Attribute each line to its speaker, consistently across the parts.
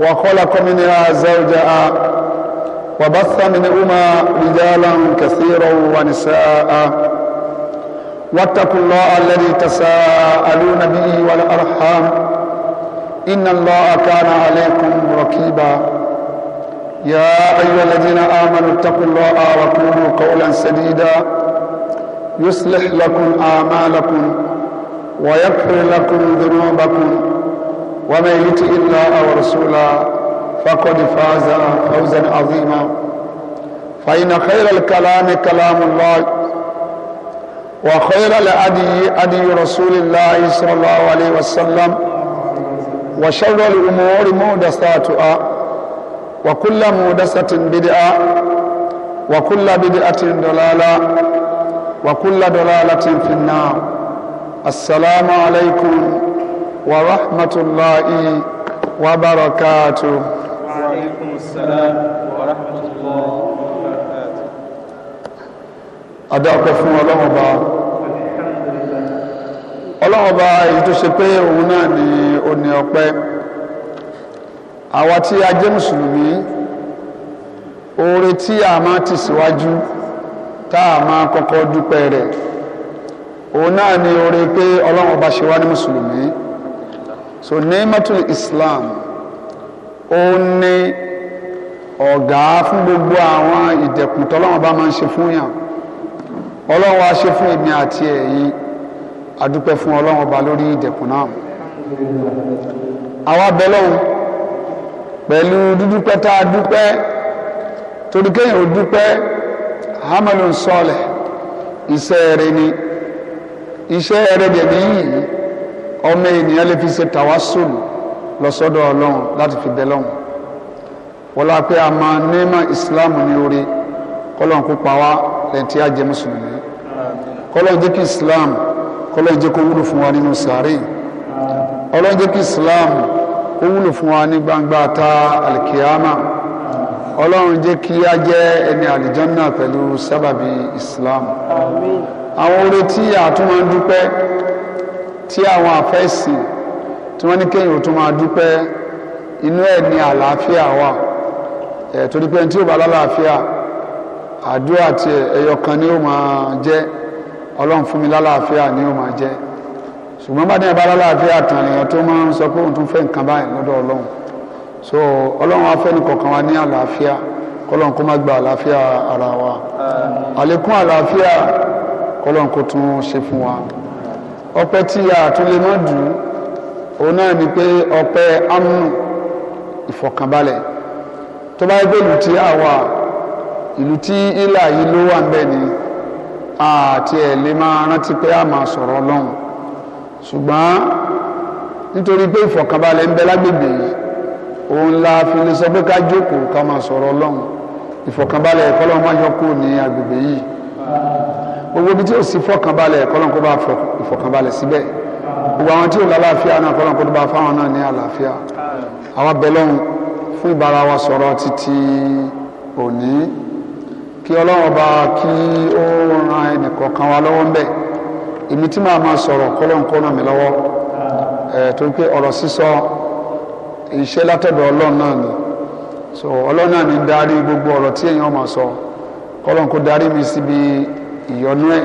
Speaker 1: وخلق منها زوجها وبث منهما رجالا كثيرا ونساء واتقوا الله الذي تساءلون به والارحام ان الله كان عليكم ركيبا يا ايها الذين امنوا اتقوا الله وقولوا قولا سديدا يصلح لكم اعمالكم ويغفر لكم ذنوبكم ومن يطع الله ورسوله فقد فاز فوزا عظيما فإن خير الكلام كلام الله وخير الأدي أدي رسول الله صلى الله عليه وسلم وشر الأمور مودساتها وكل مودسة بدعة وكل بدعة ضلالة وكل ضلالة في النار السلام عليكم ورحمة الله وبركاته
Speaker 2: وعليكم السلام ورحمة الله وبركاته
Speaker 1: أدعوك فún ọlọ́run ọba ọlọ́run ọba èyí tó ṣe pé òun náà ni ó ní ọpẹ́ àwa tí a jẹ́ mùsùlùmí oore tí a máa tì síwájú tá a máa kọ́kọ́ dúpẹ́ rẹ̀ òun náà ni oore pé ọlọ́run ọba ṣe wá ní mùsùlùmí so nematul islam ó ní ọ̀gá fún gbogbo àwọn ìdẹ̀kùn tọ́lọ́wọ́n bá máa ń ṣe fún yàn ọlọ́run wa ṣe fún èmi àti ẹ̀yin adúpẹ́ fún ọlọ́run ọba lórí ìdẹ̀kùn náà àwa bẹ lọ́hùn pẹ̀lú dúdúpẹ́ tá a dúpẹ́ torí kéèyàn ò dúpẹ́ hamalun sọlẹ̀ iṣẹ́ rẹ ni iṣẹ́ rẹ dẹ̀mí yìí ọmọ ènìyàn lè fi ṣe tàwásùn lọ́sọ́dọ̀ ọlọ́run láti fi bẹ lọ́hùn wọlá pé a máa nímọ̀ ìsìláàmù ní orí kọ́lọ́n kó pa wá lẹ́yìn tí a jẹ́ mùsùlùmí kọ́lọ́n jẹ́ kí islam kọ́lọ́n jẹ́ kó wúlò fún wa nínú sàárè ọlọ́run jẹ́ kí islam kó wúlò fún wa ní gbangba ta alikiyama ọlọ́run jẹ́ kí a jẹ́ ẹni àlìjọ́nà pẹ̀lú sábàbí islam àwọn oore tí a tún máa ń dúpẹ́ tí àwọn àfẹ́sìn tí wọ́n ní kéèyàn tó máa dúpẹ́ inú ẹ̀ ní àlàáfíà wà ẹ̀ torí pé tí ò bá lálàáfíà àdúrà tí ẹyọ kan ni ó máa jẹ́ ọlọ́run fún mi lálàáfíà ni ó máa jẹ́ ṣùgbọ́n bá ní ẹ̀ bá lálàáfíà tán èèyàn tó máa ń sọ pé òun tún fẹ́ nǹkan báyìí lọ́dọ̀ ọlọ́run so ọlọ́run afẹ́ni kọ̀ọ̀kan wa ní àlàáfíà kọ́lọ́n kó má gba àlàáfíà ara wa àlékún àlàáfíà kọ́lọ́n kó tún ṣe fún wa ọpẹ́ tí a tún lè má dùn òun náà ni pé ọpẹ́ amú ìfọ̀kànbalẹ̀ tó bá gbé ìlú tí a wà ìlú tí ìlà yìí ló wà ńbẹ̀ ni àti ẹ̀ lè máa rántí pé a máa sọ̀rọ̀ ọlọ́run ṣùgbọ́n nítorí pé ìfọ̀kànbalẹ̀ ń bẹ lágbègbè òun la fi lè sọ pé ká jókòó ká máa sọ̀rọ̀ ọlọ́run ìfọ̀kànbalẹ̀ ẹ̀kọ́ lọ́wọ́ ní agbègbè yìí gbogbo ibi tí ó sì fọkànbalẹ̀ kọ́lọ́nkó bá fọkànbalẹ̀ síbẹ̀ gbogbo àwọn tí ó lálàáfíà náà kọ́lọ́nkó bá fáwọn náà ní àlàáfíà àwọn abẹ́lọ́hún fún ìbára wa sọ̀rọ̀ títí òní kí ọlọ́run ọba kí ó ran ẹnìkọ̀ọ̀kan wa lọ́wọ́ ńbẹ̀ èmi tí màá máa sọ̀rọ̀ kọ́lọ́nkó ràn mí lọ́wọ́ ẹ̀ tó pé ọ̀rọ̀ sísọ iṣẹ́ látọ̀dọ̀ ọlọ́run náà ni so ọlọ́run náà ni darí gbogbo ọ̀rọ̀ tí èèyàn máa sọ kọ́lọ́nkó darí mi síbi ìyọnú ẹ̀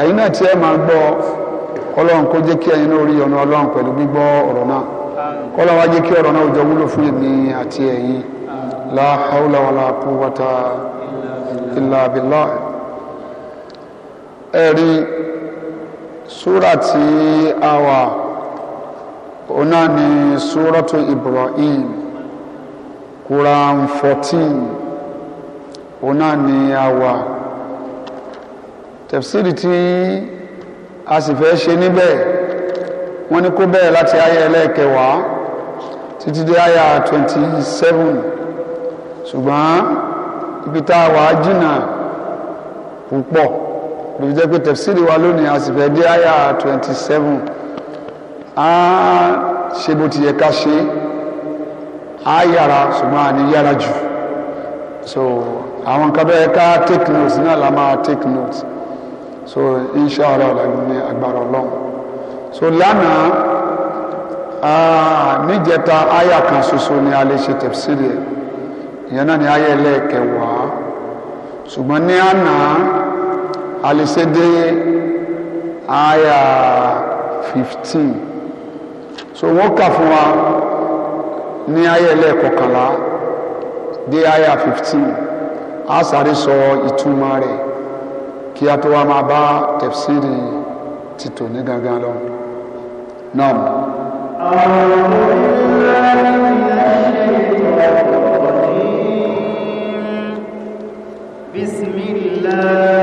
Speaker 1: ẹ̀yin náà tí ẹ máa gbọ́ kọ́lọ́run kó jẹ́ kí ẹ̀yin náà rí ọ̀nà ọlọ́run pẹ̀lú gbígbọ́ ọ̀rọ̀ náà kọ́lọ́run wá jẹ́ kí ọ̀rọ̀ náà jọ wúlò fún èmi àti ẹ̀yin la hawla wala quwwata illa billah tí a wà òun ni súrọ́tò Ibrahim Quran fourteen òun ni a tẹ̀fsíìrì tí a sì fẹ́ ṣe níbẹ̀ wọ́n ní kó bẹ̀rẹ̀ láti aya ẹlẹ́ẹ̀kẹwàá títí dé aya twenty seven ṣùgbọ́n ibi tá a wà á jìnnà púpọ̀ ló jẹ́ pé tẹ̀fsíìrì wa lónìí a sì fẹ́ dé aya twenty seven a ṣe bó ti yẹ ká ṣe a yára ṣùgbọ́n a ní yára jù so àwọn kan bẹ́ẹ̀ ká take note náà la máa take note. so insha Allah ní agbára ọlọ́run so lánàá níjẹta aya kan soso ni a le ṣe tẹ̀sílì ẹ̀ ìyẹn náà ni aya ẹlẹ́ẹ̀kẹwàá ṣùgbọ́n ní àná a lè ṣe aya so wọ́n kà fún wa ní aya ẹlẹ́ẹ̀kọkànlá dé aya 15 a sáré sọ ìtumọ̀ rẹ̀. kí a tó wá máa bá tẹ̀síìrì ti ní gangan lọ. Nam.
Speaker 2: Bismillah.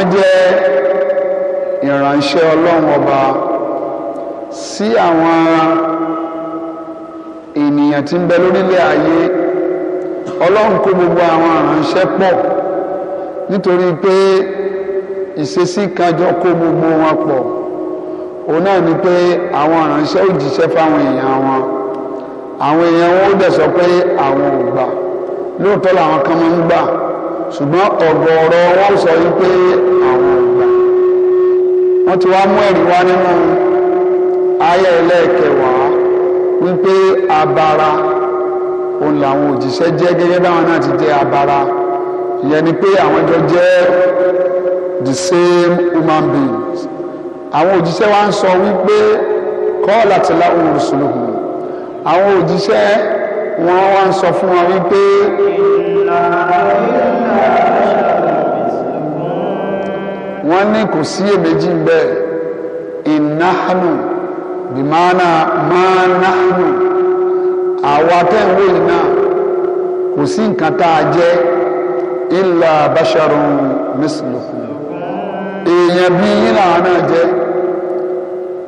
Speaker 1: wọ́n jẹ́ ìránṣẹ́ ọlọ́run ọba sí àwọn ènìyàn tí ń bẹ lórílẹ̀ ayé ọlọ́run kó gbogbo àwọn ìránṣẹ́ pọ̀ nítorí pé ìṣesí kanjọ kó gbogbo wọn pọ̀ òun náà ni pé àwọn ìránṣẹ́ ò jíṣẹ́ fáwọn èèyàn wọn àwọn èèyàn wọn ó dẹ̀ sọ pé àwọn ò gbà lóòótọ́ làwọn kan máa ń gbà ṣùgbọ́n ọ̀gọ̀ọ̀rọ̀ wọn sọ yìí pé àwọn ọ̀gbà wọn ti wá mú ẹ̀rí wá nínú ayé ẹlẹ́ẹ̀kẹwàá wípé abara òun làwọn òjíṣẹ́ jẹ́ gẹ́gẹ́ báwọn náà ti jẹ́ abara ìyẹn ni pé àwọn jọ jẹ́ the same human beings àwọn òjíṣẹ́ wa ń sọ wípé kọ́ ọ̀làtìlá òun rùsùlùmù àwọn òjíṣẹ́ wọ́n wá ń sọ fún wọn wípé wọ́n ní kò sí èméjì bẹ́ẹ̀ ìnáhánù bìmánà mánáhánù àwa tẹ́wọ́ yìí náà kò sí nǹkan tá a jẹ́ ìlà basharun mislukum èèyàn bíi yín náà jẹ́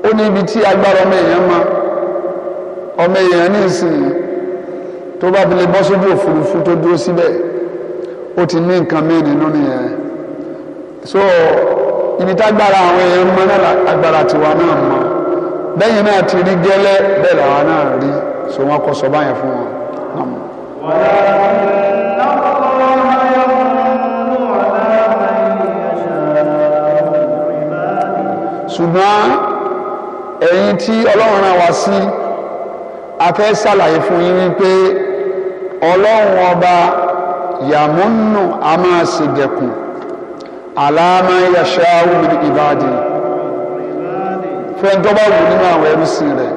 Speaker 1: ó ní ibi tí agbára ọmọ èèyàn mọ ọmọ èèyàn ní ìsìn tó bá fi lè bọ́ sójú òfurufú tó dúró síbẹ̀ ó ti ní nǹkan míì nínú nìyẹn so ibi tágbára àwọn èèyàn mọ náà agbára tiwa náà mọ bẹ́yìn náà ti rí gẹ́lẹ́ bẹ́ẹ̀ làwa náà rí so wọ́n kọ́ sọ báyẹn fún wọn. ṣùgbọ́n ẹ̀yin tí ọlọ́run rán wa sí a fẹ́ ṣàlàyé fún yín wípé ọlọ́run ọba yàmúnù a máa ṣègẹ̀kùn àlàámá yàṣá omi ìbàdí fún ẹjọ́ bá wù nínú àwọn ẹrú sí rẹ̀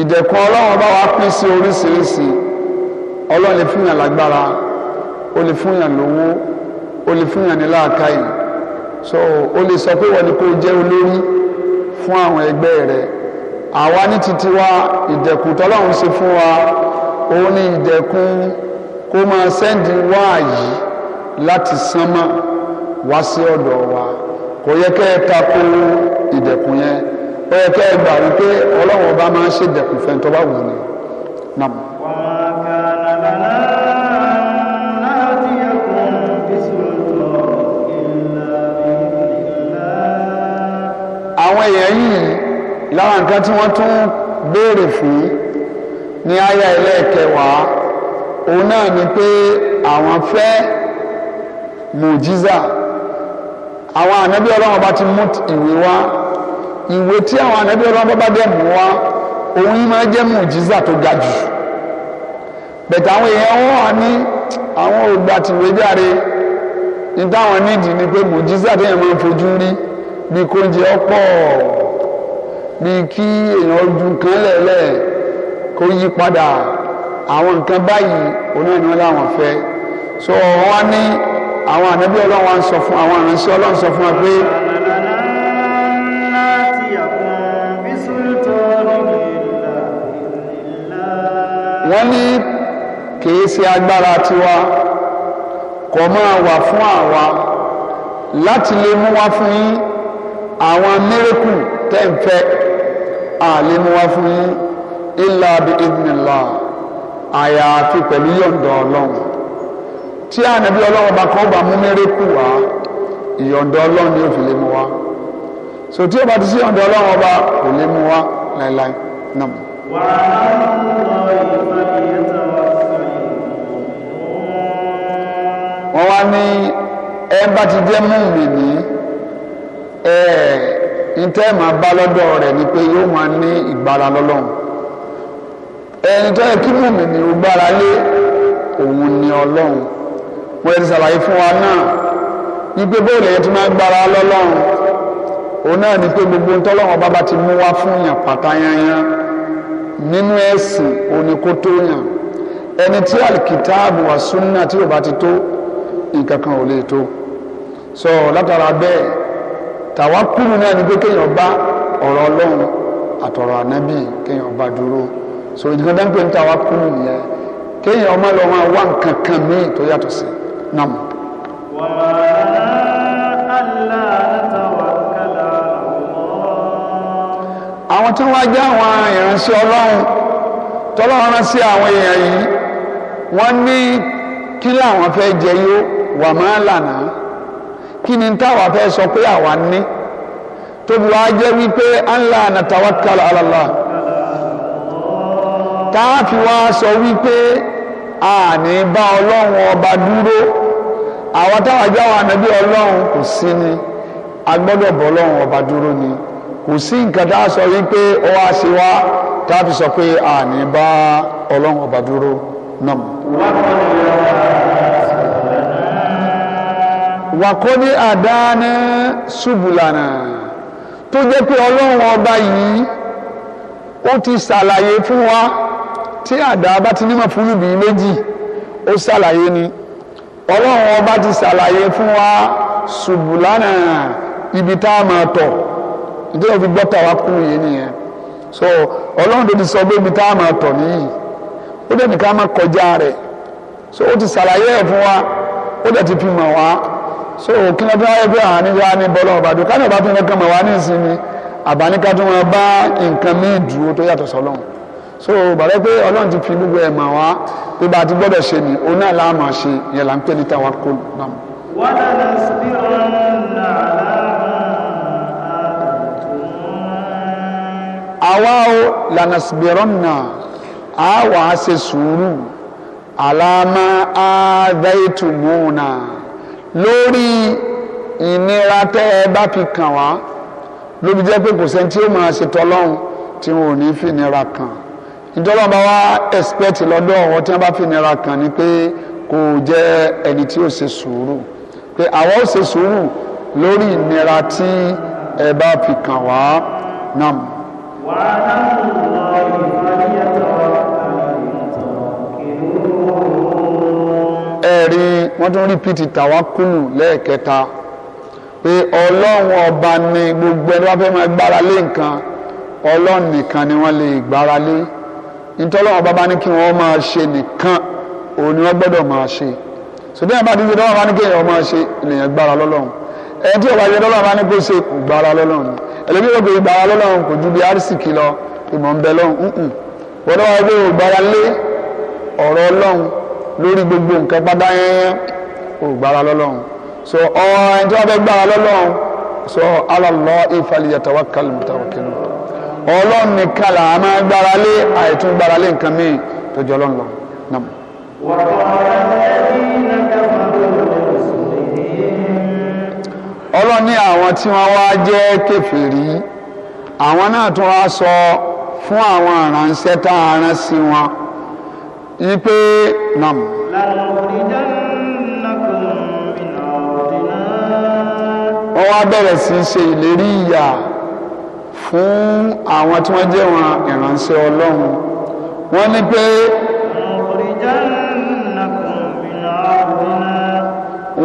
Speaker 1: ìdẹ̀kùn ọlọ́run ọba wa pín sí oríṣiríṣi ọlọ́run lè fún yàn lágbára ó lè fún yàn lówó ó lè fún yàn ní làákàyè so ó lè sọ pé wọ́n ní kó jẹ́ olórí fún àwọn ẹgbẹ́ rẹ̀ àwa ní titi wa ìdẹ̀kùn tọ́lọ́run ṣe fún wa òun ni ìdẹ̀kùn kó máa sẹ́ndì wáàyí láti sánmà wá sí ọ̀dọ̀ wa kò yẹ kẹ́ ẹ tako ìdẹ̀kùn yẹn ó yẹ kẹ́ ẹ gbà wípé ọlọ́run ọba máa ń ṣe ìdẹ̀kùn fẹ́ntọ́ bá wù ú àwọn èèyàn yìí lára nǹkan tí wọ́n tún béèrè fún ní àyà ẹlẹ́ẹ̀kẹwàá òun náà ni pé àwọn fẹ́ mùjíza àwọn ànábì ọlọ́run bá ti mú ìwé wá ìwé tí àwọn ànábì ọlọ́run bá dẹ̀ mú wá òun yìí máa jẹ́ mùjíza tó ga jù bẹ̀tẹ̀ àwọn èèyàn wọn wà ní àwọn ògbà tìwé jáde ní táwọn nídìí ni pé mùjíza téèyàn máa fojú rí bí kò jẹ́ ọ̀pọ̀ bí kí èèyàn ojú kan lẹ̀lẹ́ẹ̀ kó yí padà àwọn nǹkan báyìí oní ẹni wọn làwọn fẹ́ so wọn ní àwọn ànábí Ọlọ́run wa ń sọ fún àwọn ìránṣẹ́ Ọlọ́run sọ fún wa pé. wọ́n ní kìí ṣe agbára tiwa kò máa wà fún àwa láti lè mú wá fún yín àwọn mẹ́rẹ́kù tẹ̀ ń fẹ́ à mú wá fún yín illa bi idhnillah àyàfi pẹ̀lú yọ̀ǹda ọlọ́run tí ànábì ọlọ́run bá kọ́ bá mú mérekù wá ìyọ̀ǹda ọlọ́run ni ó fi lè mú wá so tí o bá ti sí ọ̀dọ̀ ọlọ́run ọba kò lè mú wa láéláé náà. wọ́n wá ní ẹ bá ti jẹ́ mùmínì ẹ ǹtẹ́ máa bá lọ́dọ̀ rẹ̀ ni pé yóò máa ní ìgbára lọ́lọ́run ẹni tó yẹ kí mùmí ni ó gbára lé òun ni ọlọ́run wọ́n ti ṣàlàyé fún wa náà wípé bóòlù ẹ̀yẹ ti máa gbára lọ́lọ́run òun náà ni pé gbogbo ntọ́lọ́run ọba bá ti mú wá fún yàn pátá yányán nínú ẹ̀sìn òní kó tó yàn ẹni tí alikitaabu wa sunna tí ó bá ti tó nǹkan kan ò lè tó sọ látara bẹ́ẹ̀ tàwa kúrú náà ni pé kéèyàn bá ọ̀rọ̀ ọlọ́run àtọ̀rọ̀ ànábì kéèyàn bá dúró so ìdìgbọ́n dáńpẹ́ níta wá kú nìyẹn kéèyàn ọmọ lọ máa wá nǹkan kan míì tó yàtọ̀ sí nam. àwọn tí wọ́n jẹ́ àwọn ìránṣẹ́ ọlọ́run tọ́lọ́run rán sí àwọn èèyàn yìí wọ́n ní kí làwọn fẹ́ jẹ yó wà máa lànà kí ni táwa fẹ́ sọ pé àwa ní tóbi wàá jẹ́ wípé Allah natawakkal ala Allah. taafi wa fi wá sọ wípé a ní bá ọlọ́run ọba dúró àwọn táwọn ajá wa nàbí ọlọ́run kò sí ni a gbọ́dọ̀ ọlọ́run ọba dúró ni kò sí sọ wípé ó wá sí fi sọ pé a ní bá ọlọ́run ọba dúró náà. wàkọ́ni tó jẹ́ pé ọlọ́run ọba yìí ó ti ṣàlàyé wa. tí àdá bá ti nímọ̀ fún ibi méjì ó ṣàlàyé ni ọlọ́run ọba ti ṣàlàyé fún wa ṣùbùlánà ibi tá a máa tọ̀ nítorí òfin gbọ́tà wa kú yìí nìyẹn so ọlọ́run tó ti sọ pé ibi tá a máa tọ̀ nìyí ó dẹ̀ nìkan máa kọjá rẹ̀ so ó ti ṣàlàyé ẹ̀ fún wa ó dẹ̀ ti fi mọ̀ wá so kí ló dé wáyé pé àní wá ní bọ́lá ọba dùn ká ní ọba tó ń lọ́kàn mọ̀ wá ní ìsinmi àbáníkà bá nǹkan míì dúró tó yàtọ̀ sọlọ́run so bàbá pé ọlọ́run ti fi gbogbo ẹ̀ mà wá pé bá a ti gbọ́dọ̀ ṣe ni òun náà láàmà ṣe yẹn là ń pè ní tàwa kó nàm. àwa o lànà sibirọ́nà a wà á ṣe sùúrù àlàmà àdáyétùmùnà lórí ìnira tẹ́ ẹ bá fi kàn wá lóbi jẹ́ pé kò sẹ́ni tí ó máa ṣe tọ́lọ́run tí wọn ò ní fi ìnira kàn nítorí wọn bá wá expect lọ́dọ̀ wọn tí wọn bá fi nira kan ni pé kò jẹ́ ẹni tí ó ṣe sùúrù pé àwọn ó ṣe sùúrù lórí ìnira tí ẹ bá fi kàn wá nam. wàá
Speaker 2: náà lọ ìfọyín ẹ̀tọ́
Speaker 1: ẹ̀rí wọ́n tún rípìtì tàwákùlù lẹ́ẹ̀kẹta pé ọlọ́run ọba ni gbogbo ẹni wọ́n fẹ́ máa gbára lé nǹkan ọlọ́run nìkan ni wọ́n lè gbára lé ntọ́lọ́wọ́ bàbá ní kí wọ́n máa ṣe nìkan òun ni wọ́n gbọ́dọ̀ máa ṣe sọdí àbá dídí dọ́wọ́ bá ní kí èèyàn máa ṣe ènìyàn gbára lọ́lọ́run ẹni tí ọba yẹ dọ́wọ́ bá ní kó ṣe kò gbára lọ́lọ́run ẹlẹ́bí yóò gbé gbára lọ́lọ́run kò ju bí arísìkì lọ ìmọ̀ ń bẹ lọ́hùn ún wọ́n dọ́wọ́ gbé gbára lé ọ̀rọ̀ ọlọ́run lórí gbogbo nǹkan pátá yẹn kò gbára lọ́lọ́run so ọ ọlọ́run nìkan là á máa gbára lé àìtún gbára lé nǹkan míì tó jọ ọlọ́run lọ. ọlọ́run ní àwọn tí wọ́n wá jẹ́ kèfèrí àwọn náà tún wá sọ fún àwọn aránṣẹ́ tá a rán sí wọn yí pé nam. wọ́n wá bẹ̀rẹ̀ sí í ṣe ìlérí ìyà fún àwọn tí wọ́n jẹ́ wọn ìránṣẹ́ ọlọ́run wọ́n ní pé.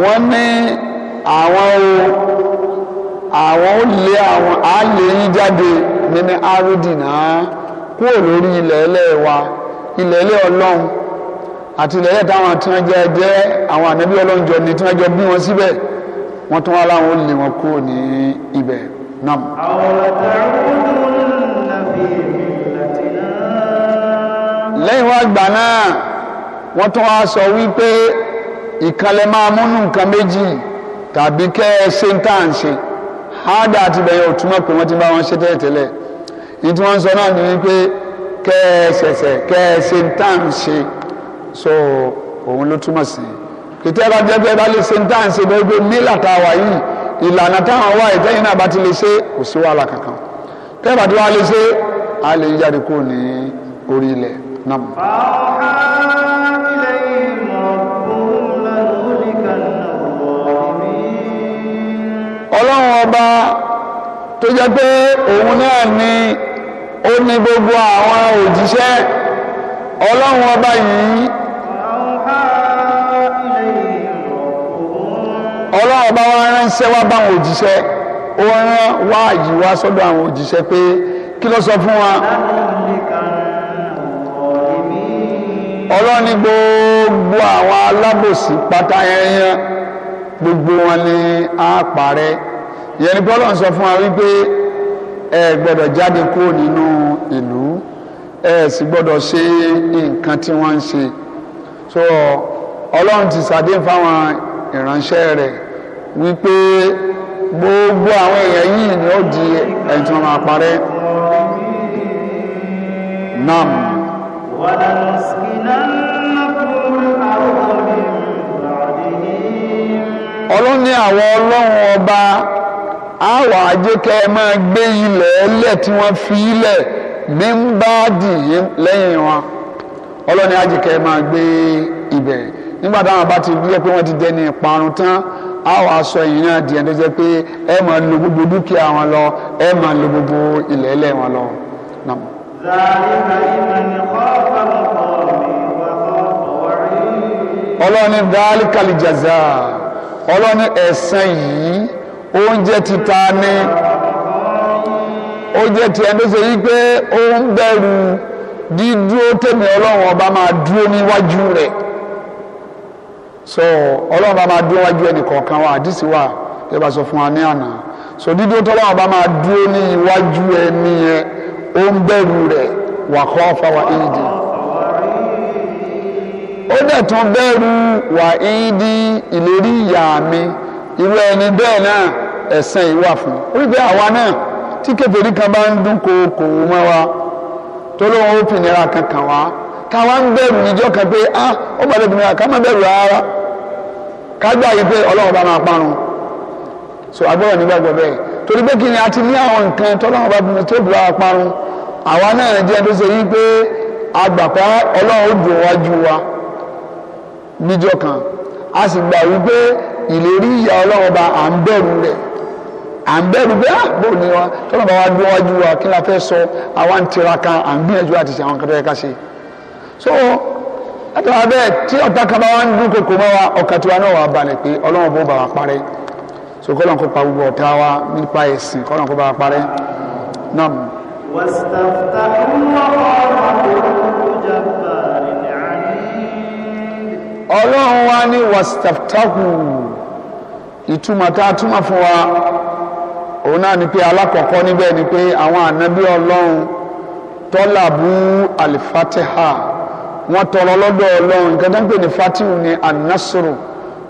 Speaker 1: wọ́n ní àwọn o àwọn ó lé àwọn á lé yín jáde nínú árídìnà kúrò lórí ilẹ̀ ẹlẹ́ wa ilẹ̀ ẹlẹ́ ọlọ́run àti ilẹ̀ ẹlẹ́ táwọn tí wọ́n jẹ́ jẹ́ àwọn ànábí ọlọ́run jọ ni tí wọ́n jọ bí wọn síbẹ̀ wọ́n tún wá láwọn ó lé wọn kúrò ní ibẹ̀. نعم أو لتعودن في ملتنا lẹ́yìn wá gbà náà wọ́n tún wá sọ wípé ìkànlẹ̀ máa múnú nǹkan méjì tàbí kẹ́ ẹ ṣe ń tà ń ṣe ádá àti ìbẹ̀yẹ òtúmọ̀ pé wọ́n ti bá wọn ṣe tẹ́lẹ̀tẹ́lẹ̀ ní tí wọ́n ń sọ náà ni wípé kẹ́ ẹ ṣẹ̀ṣẹ̀ kẹ́ ẹ ṣe ń tà so òun ló túmọ̀ sí i kìtẹ́ bá jẹ́ pé bá lè ṣe ń tà bẹ́ẹ̀ gbé mílà tá a wà yìí ìlànà táwọn wá ìtẹ́yìn náà bá ti lè ṣe kò sí wàhálà kankan tẹ́ẹ̀bà tí wàá lè ṣe a lè jáde kúrò ní orí ilẹ̀ náà. ọlọ́run ọba tó jẹ́ pé òun náà ni ó ní gbogbo àwọn òjíṣẹ́ ọlọ́run ọba yìí. ọlọ́run bá wá ránṣẹ́ wá báwọn òjíṣẹ́ ó rán wáàyí wá sọ́dọ̀ àwọn òjíṣẹ́ pé kí ló sọ fún wa. ọlọ́run ní gbogbo àwọn alábòsí pátá yẹnyẹn gbogbo wọn ni á parẹ́ ìyẹn ni pé ọlọ́run sọ fún wa wípé ẹ gbọ́dọ̀ jáde kúrò nínú ìlú ẹ sì gbọ́dọ̀ ṣe nǹkan tí wọ́n ń ṣe so ọlọ́run ti ṣàdéhùn fáwọn ìránṣẹ́ rẹ̀ wípé gbogbo àwọn èèyàn yìí ni ó di ẹni tí wọ́n máa parẹ́ nam. ọba á wà á jẹ́ kẹ́ ẹ máa gbé fi ilẹ̀ ní ń bá dìyí lẹ́yìn wọn ọlọ́run ní àjẹkẹ́ máa gbé ibẹ̀ nígbà táwọn bá ti ẹ pé wọ́n á wàá sọ ẹ̀yin náà tó pé ẹ máa lo gbogbo dúkìá wọn lọ ẹ máa lo gbogbo ilẹ̀ ẹlẹ́ wọn lọ. ọlọ́ni dáálíkàlì jàzá ọlọ́ni ẹ̀san yìí oúnjẹ títa ni ó jẹ́ ti ẹni tó ṣe pé ó so ọlọ́run bá máa dúró wájú ẹnì kọ̀ọ̀kan wa àdìsí wa ẹ bá sọ fún wa so dídó tọ́lọ́run bá máa dúró ní iwájú ẹni yẹn ó ń wà kọ́ fáwa ìdí ó dẹ̀ tún bẹ̀rù wà ìdí ìlérí ìyá mi irú ẹni bẹ́ẹ̀ náà ẹ̀sẹ̀ ìwà fún un wípé àwa náà tí kan bá ń dún mọ́ wa tó lóun ó kankan wá káwa ń bẹ̀rù níjọ́ kan pé ah ó gbàdúrà bẹ̀rù rárá. kágbà yìí pé ọlọ́run bá máa parun so agbọ́dọ̀ nígbàgbọ́ bẹ́ẹ̀ torí pé kí ni a ti ní àwọn nǹkan tọ́lọ́run bá bímọ tó bùrọ̀ parun àwa náà jẹ́ tó ṣe yí pé agbàpá ọlọ́run ó dùn wájú wa níjọ́ kan a sì gbà wípé ìlérí ìyá ọlọ́run bá à ń bẹ̀rù rẹ̀ à ń bẹ̀rù pé á ah, bò ní wa tọ́lọ́run bá wá dùn wájú wa kí la fẹ́ sọ àwa ń tiraka à ń gbìyànjú àti ṣe àwọn kan tó yẹ ká ṣe so
Speaker 2: àtàwọn abẹ́ẹ̀ tí
Speaker 1: ọ̀tá kan bá wá ń dún kòkò mọ́ wa ọkà tiwa náà wà balẹ̀ pé ọlọ́run bó bá wa parẹ́ so kọ́lọ́n kó pa gbogbo ọ̀tá wa nípa ẹ̀sìn kọ́lọ́n kó bá wa parẹ́ nam. ọlọ́run wa ní wàsítàfítàkù ìtumọ̀ tá a túmọ̀ fún wa òun náà ni pé alákọ̀ọ́kọ́ níbẹ̀ ni pé àwọn ànábí ọlọ́run tọ́lá bú alifatiha wọ́n tọrọ lọ́dọ̀ ọlọ́run nǹkan tó ń pè ní fatiu ní anasoro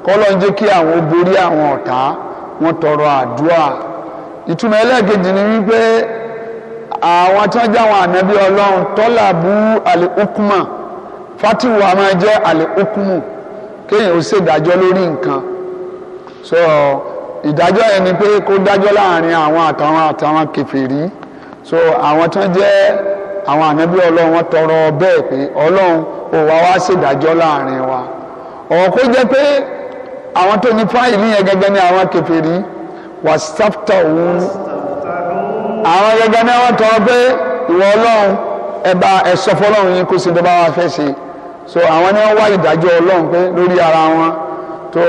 Speaker 1: kọ́lọ́ ń jẹ́ kí àwọn borí àwọn ọ̀tá wọ́n tọrọ àdúrà ìtumọ̀ ẹlẹ́ẹ̀kejì ni wípé àwọn tí wọ́n jáwọn ànábí ọlọ́run tọ́lá bú àlè okùnmọ̀ fatiu a máa jẹ́ àlè okùnmù kéèyàn ó ṣèdájọ́ lórí nǹkan so ìdájọ́ yẹn ni pé kó dájọ́ láàrin àwọn àtàwọn àtàwọn kèfèrí so àwọn tí wọ́n jẹ́ àwọn ànábí ọlọ́run wọn tọrọ bẹ́ẹ̀ pé ọlọ́run ò wá wá ṣèdájọ́ láàrin wa ọ̀rọ̀ kó jẹ́ pé àwọn tó ní fáìlì yẹn gẹ́gẹ́ ní àwọn kèfèrí wàsítáfítà òun àwọn gẹ́gẹ́ ní àwọn tọrọ pé ìwọ ọlọ́run ẹ bá fọlọ́run yín kó sì dọ́ bá fẹ́ ṣe so àwọn ni wọ́n wá ìdájọ́ ọlọ́run pé lórí ara wọn tó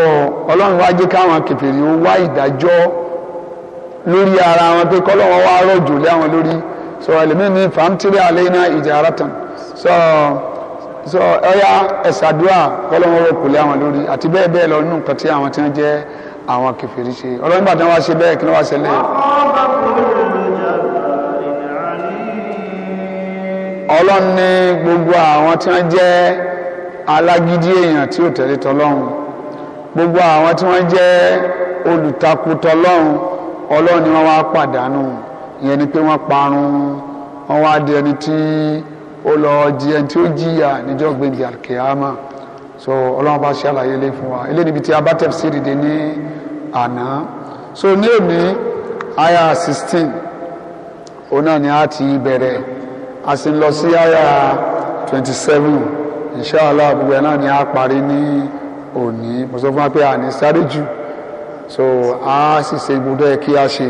Speaker 1: ọlọ́run wá jẹ́ káwọn kèfèrí ó wá ìdájọ́ lórí ara wọn pé kọ́lọ́run wá rọ̀jò lé àwọn lórí so ẹlòmíì ní fàmtìrì alẹ́ iná so so ẹ̀yà ẹ̀sàdúrà kọ́lọ́mọ́ wọ kùlẹ̀ àwọn lórí àti bẹ́ẹ̀ bẹ́ẹ̀ lọ nínú nǹkan tí àwọn tí wọ́n jẹ́ àwọn kèfèrí ṣe ọlọ́run bàtà wá ṣe bẹ́ẹ̀ kí wá ṣẹlẹ̀. ọlọ́run ní gbogbo àwọn tí wọ́n jẹ́ alágídí èèyàn tí ò tẹ̀lé tọlọ́run gbogbo àwọn tí wọ́n jẹ́ olùtakùtọ̀lọ́run ọlọ́run ni wọ́n wá pàdánù ìyẹn ni pé wọ́n parun wọ́n wá di ẹni tí ó lọ jí ẹni tí ó jìyà níjọ́ gbèdì àkèámà so ọlọ́run bá ṣàlàyé ilé fún wa ilé níbi tí a bá tẹ̀sí dìde ní àná so ní òní aya sixteen òun náà ni a ti bẹ̀rẹ̀ a sì ń lọ sí aya twenty seven inshallah gbogbo ẹ̀ náà ni a parí ní òní mo sọ fún wa pé a sáré jù so a sì ṣe gbọdọ̀ kí a ṣe.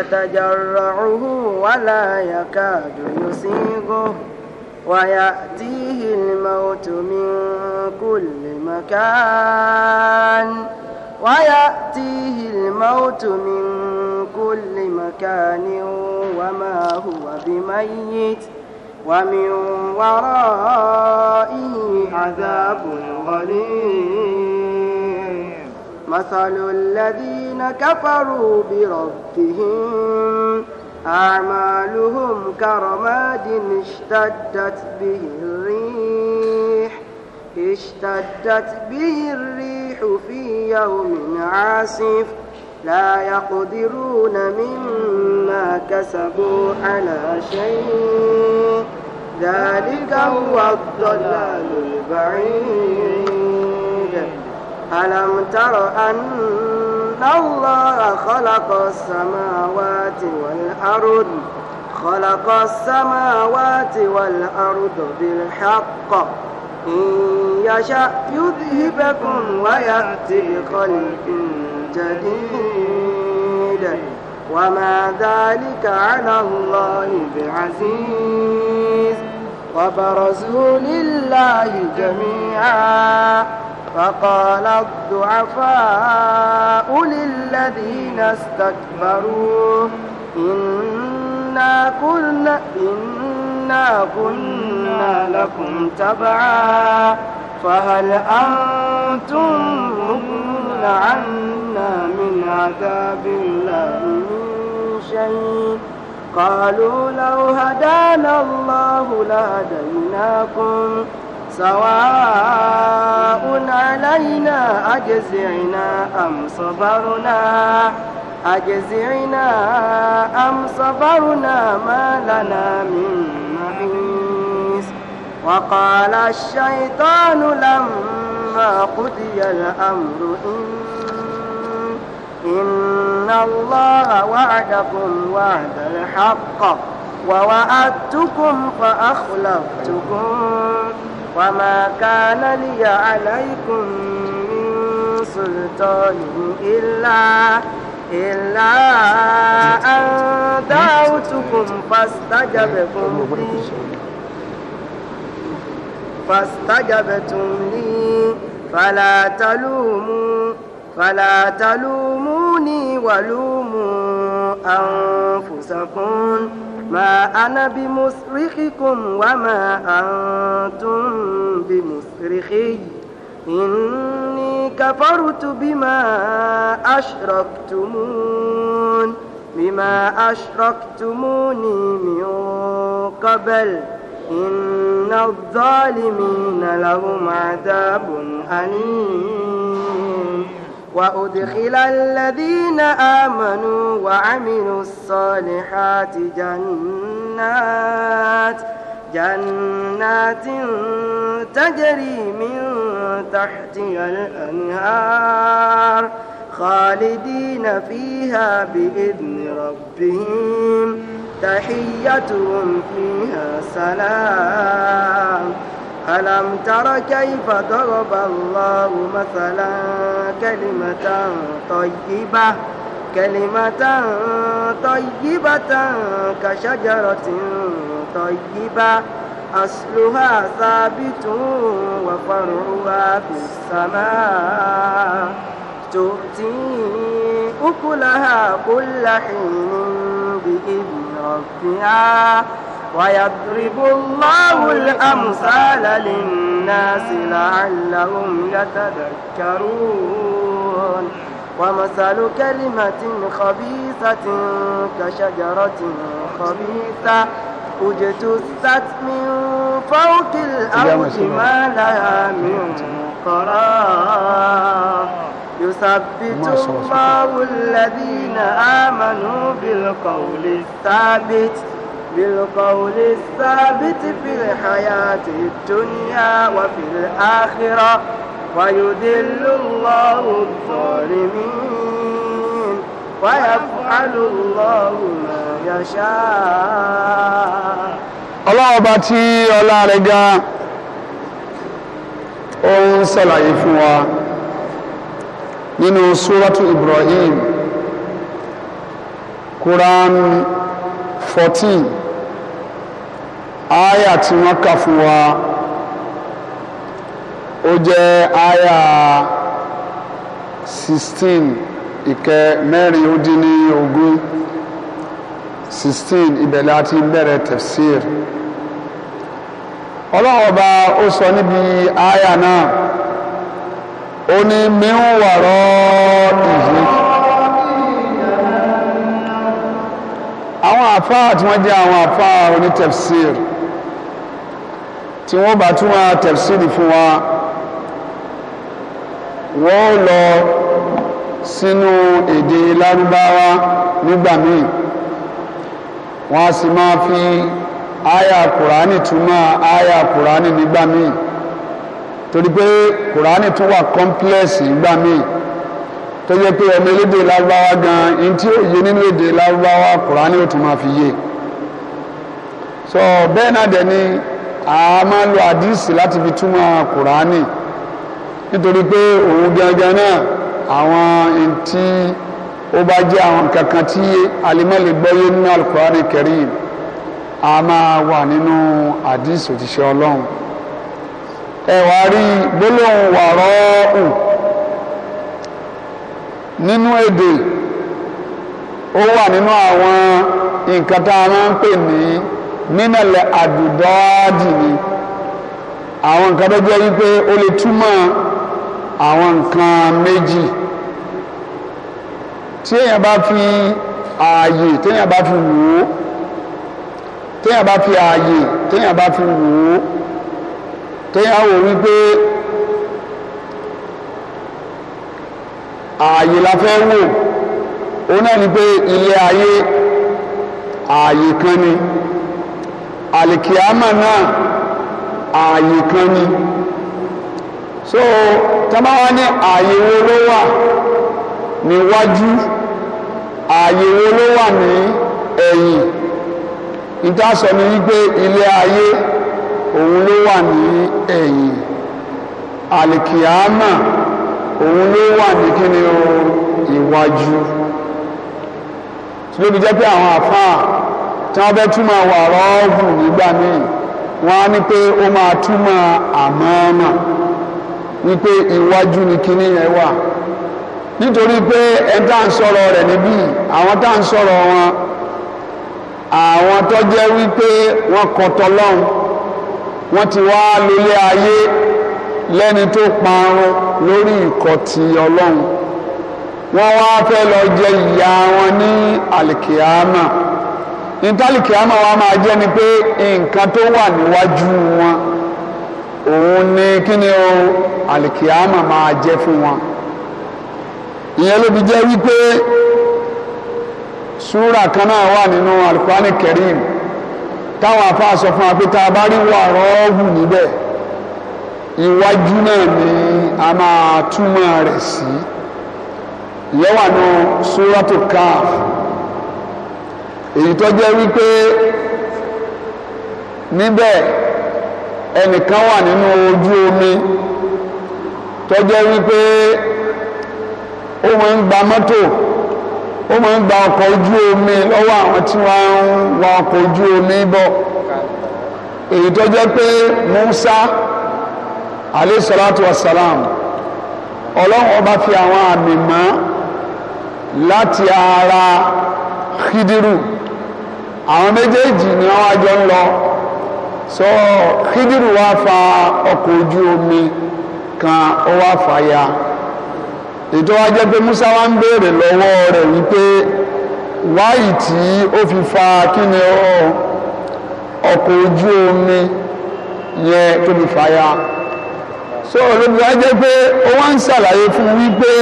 Speaker 3: يتجرعه ولا يكاد يسيغه ويأتيه الموت من كل مكان ويأتيه الموت من كل مكان وما هو بميت ومن ورائه عذاب غليظ مثل الذين كفروا بربهم أعمالهم كرماد اشتدت به الريح اشتدت به الريح في يوم عاصف لا يقدرون مما كسبوا على شيء ذلك هو الضلال البعيد ألم تر أن الله خلق السماوات والأرض خلق السماوات والأرض بالحق إن يشأ يذهبكم ويأتي بخلق جديد وما ذلك على الله بعزيز وبرزوا لله جميعا فقال الضعفاء للذين استكبروا إنا كنا, إنا كنا لكم تبعا فهل أنتم مغنون عنا من عذاب الله من شيء قالوا لو هدانا الله لهديناكم سواء علينا أجزعنا أم صبرنا أجزعنا أم صبرنا ما لنا من محيص وقال الشيطان لما قضي الأمر إن, إن الله وعدكم وعد الحق ووعدتكم فأخلفتكم وما كان لي عليكم من سلطان إلا إلا أن دعوتكم فاستجبتم لي فاستجبتم لي فلا تلوموا فلا تلوموني ولوموا أنفسكم ما أنا بمصرخكم وما أنتم بمصرخي إني كفرت بما أشركتمون بما أشركتموني من قبل إن الظالمين لهم عذاب أليم وأدخل الذين آمنوا وعملوا الصالحات جنات جنات تجري من تحتها الأنهار خالدين فيها بإذن ربهم تحيتهم فيها سلام ألم تر كيف ضرب الله مثلا كلمة طيبة كلمة طيبة كشجرة طيبة أصلها ثابت وفرعها في السماء تؤتي أكلها كل حين بإذن ربها ويضرب الله الأمثال للناس لعلهم يتذكرون ومثل كلمة خبيثة كشجرة خبيثة اجتثت من فوق الأرض ما لها من قرار يثبت الله الذين آمنوا بالقول الثابت بالقول الثابت في الحياة الدنيا وفي الآخرة ويذل الله الظالمين ويفعل الله ما يشاء
Speaker 1: الله ọba tí ọlá rẹ̀ ga ó سورة إبراهيم، fún 14 aya tí wọn kà fún wa ó aya sixteen ìkẹ mẹ́rin ó dín ní ogún sixteen bẹ̀rẹ̀ tafsir ọlọ́run ọba ó sọ níbi aya náà ó ní míwàrọ́ ìhìn. àwọn àfáà tí wọ́n jẹ́ àwọn àfáà tí wọ́n bá tún wá tẹ̀síìrì fún wa wọ́n lọ sínú èdè lárúbáwá nígbà míì wọ́n á sì máa fi àyà kùránì túmọ̀ àyà kùránì nígbà míì torí pé kùránì tún wà kọ́ńpilẹ̀sì nígbà míì tó yẹ pé ọmọ elédè lárúbáwá gan ẹni tí ó yé nínú èdè lárúbáwá kùránì ó tún máa fi yé so bẹ́ẹ̀ náà dẹ̀ ni a máa ń lo àdìsí láti fi túmọ̀ kùránì nítorí pé òun gangan náà àwọn ntí ó bá jẹ́ àwọn kankan tí alimọ́lẹ̀ gbọ́yé nínú alukùránì kẹrìm a máa wà nínú àdìsí òtíṣẹ́ ọlọ́run ẹ rí gbólóhùn wàrọ́ ọ̀hún nínú èdè ó wà nínú àwọn nǹkan tá a máa ń pè ní nínàlẹ̀ àdùdọ́ọ̀dì ni àwọn nǹkan tó jẹ́ wípé ó lè túmọ̀ àwọn nǹkan méjì tí èèyàn bá fi ààyè téèyàn bá fi wò ó téèyàn bá fi ààyè téèyàn bá fi wò ó téèyàn wò wípé ààyè la fẹ́ wò ó náà ni pé ilé ayé ààyè kan ni àlìkìámà náà ààyè kan ni so tọ́mọ́wá ni ààyè wo ló wà níwájú ààyè wo ló wà ní ẹ̀yìn ìtàsọ ni wípé ilé ayé òun ló wà ní ẹ̀yìn àlìkìámà òun ló wà ní kíni o ìwájú tí ló fi jẹ́ pé àwọn àfáà tí wọ́n fẹ́ túmọ̀ wà rọ́ọ̀bù nígbà míì wọ́n á ní pé ó máa túmọ̀ àmánà ní pé iwájú ni kinní yẹn wà nítorí pé ẹni tá à ń sọ̀rọ̀ rẹ̀ níbí àwọn tá à ń sọ̀rọ̀ wọn àwọn tó jẹ́ wípé wọ́n kọ̀tọ̀ lọ́hùn wọ́n ti wá lólé ayé lẹ́ni tó parun lórí ìkọ̀tì ọlọ́run wọ́n wá fẹ́ lọ jẹ ìyà wọn ní àlìkìyàmà. nítàlìkì àmọ́ wa máa jẹ́ ni pé nǹkan tó wà níwájú wọn òun ni kí ni o àlìkìámà máa jẹ́ fún wọn ìyẹn ló fi jẹ́ wípé súrà kan náà wà nínú alukurani Karim táwọn afáà sọ fún wa pé tá a bá rí wàrọ̀ ọ̀hù níbẹ̀ iwájú náà ni a máa túmọ̀ rẹ̀ sí ìyẹn wà nù súrà tó káàfù. èyí tó jẹ́ wípé níbẹ̀ ẹnìkan wà nínú ojú omi tó wípé ó máa ń gba mọ́tò ó máa gba ọkọ̀ ojú omi lọ́wọ́ àwọn tí wọ́n ń wa ọkọ̀ ojú omi bọ̀ èyí pé Musa alayhi wasalam ọlọ́run ọba fi àwọn àmì mọ́ láti ara Khidiru àwọn méjèèjì ni wọ́n wá ń lọ so Khidiru wá fa ọkọ̀ ojú omi kan ó wá fà ya ètò wa pé Musa wá ń béèrè lọ́wọ́ rẹ̀ wípé wáyì tí ó fi fa kí ni ọ ọkọ̀ ojú omi yẹn tó fi fà ya so olóbi wa jẹ́ pé ó wá ń ṣàlàyé fún wípé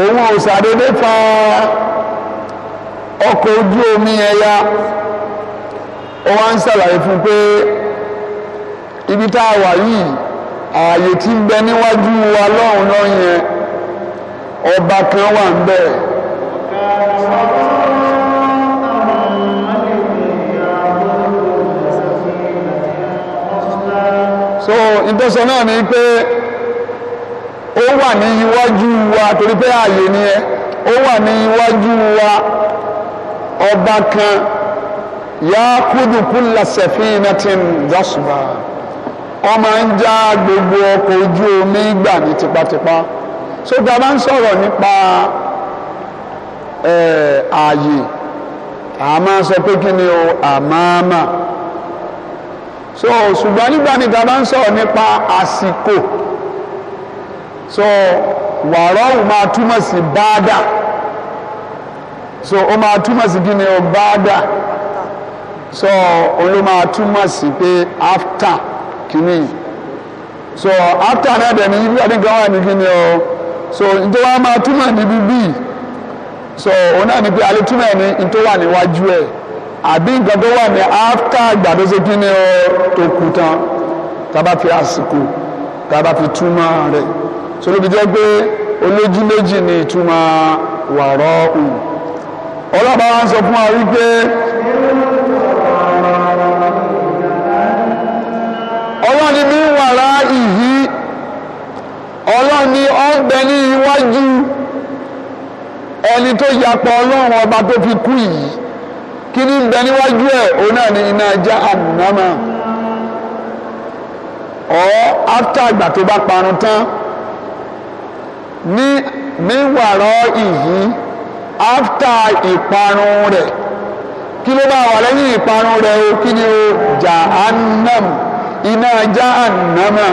Speaker 1: òun ò ṣàdédé fa ọkọ̀ ojú omi yẹn yá ó wá ń ṣàlàyé fún pé ibi tá a wà yìí ààyè tí ń bẹ níwájú wa lọ́hùn náà yẹn ọba kan wà ń bẹ. so ìtọ́sọ náà ni pé ó wà ní iwájú wa torí pé ààyè ni ẹ ó wà ní iwájú wa. ọba kan yaakudu kula safinatin gasba ọmọ ń já gbogbo ọkọ̀ ojú omi gbà ní tipátipá so tá a bá ń sọ̀rọ̀ nípa eh, ààyè a máa sọ pé kí ni o àmàmà so ṣùgbọ́n nígbà ní tá bá ń sọ̀rọ̀ nípa àsìkò so wàrọ̀ máa túmọ̀ sí báàdà so ó máa túmọ̀ sí kí o bá so òun ló máa túmọ̀ sí after kìíní so after na dẹ̀ ni ibi àdínkàn wà ní kí ni o so nítorí wọn máa túmọ̀ níbi bíi so ona ni pé alẹ́ túmọ̀ ẹ̀ ní nítorí wà níwájú ẹ̀ àbí nǹkan tó wà after àgbàdo ṣe kí ni o to kú tán tábà fi àsìkò tábà fi túmọ̀ rẹ̀ so ló fi jẹ́ pé olójú méjì ni ìtumọ̀ wàrọ̀ òun. ọlọ́pàá wa ń sọ fún wa wípé ọlọ́run ni mí wàrà ìhí ọlọ́run ni ọ ń bẹ ní iwájú ẹni tó yapọ̀ ọlọ́run ọba tó fi kú yìí kí ni ń bẹ níwájú ẹ̀ òun náà ni iná jahannama ọ after àgbà tó bá parun tán ní mí wàrà ìhí. áfítà ìparun rẹ̀ kí ló bá wà lẹ́yìn ìparun rẹ̀ o kí ni o jahannam iná jahannama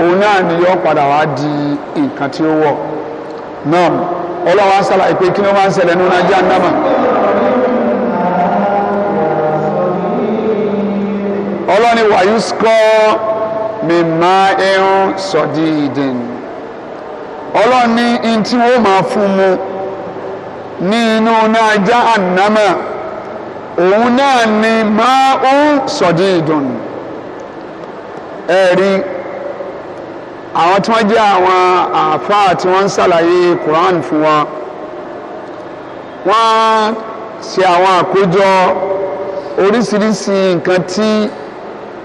Speaker 1: òun náà ni yóò padà wá di nǹkan tí ó wọ̀ náà ọlọ́wọ́ á sàlàyé pé kí ló máa ń ṣẹlẹ̀ nínú iná jahannama. ọlọ́ni wàyí skọ́ mímá ẹ̀rùn sọ̀dí ìdìn ọlọ́ni ntí wọ́n máa fún mu ní inú náà jahannama òun náà ni máa ń sọ̀dí ìdùn ẹ̀rí àwọn tí wọ́n jẹ́ àwọn àáfàá tí wọ́n ń ṣàlàyé Quran fún wa wọ́n ṣe àwọn àkójọ oríṣiríṣi nǹkan tí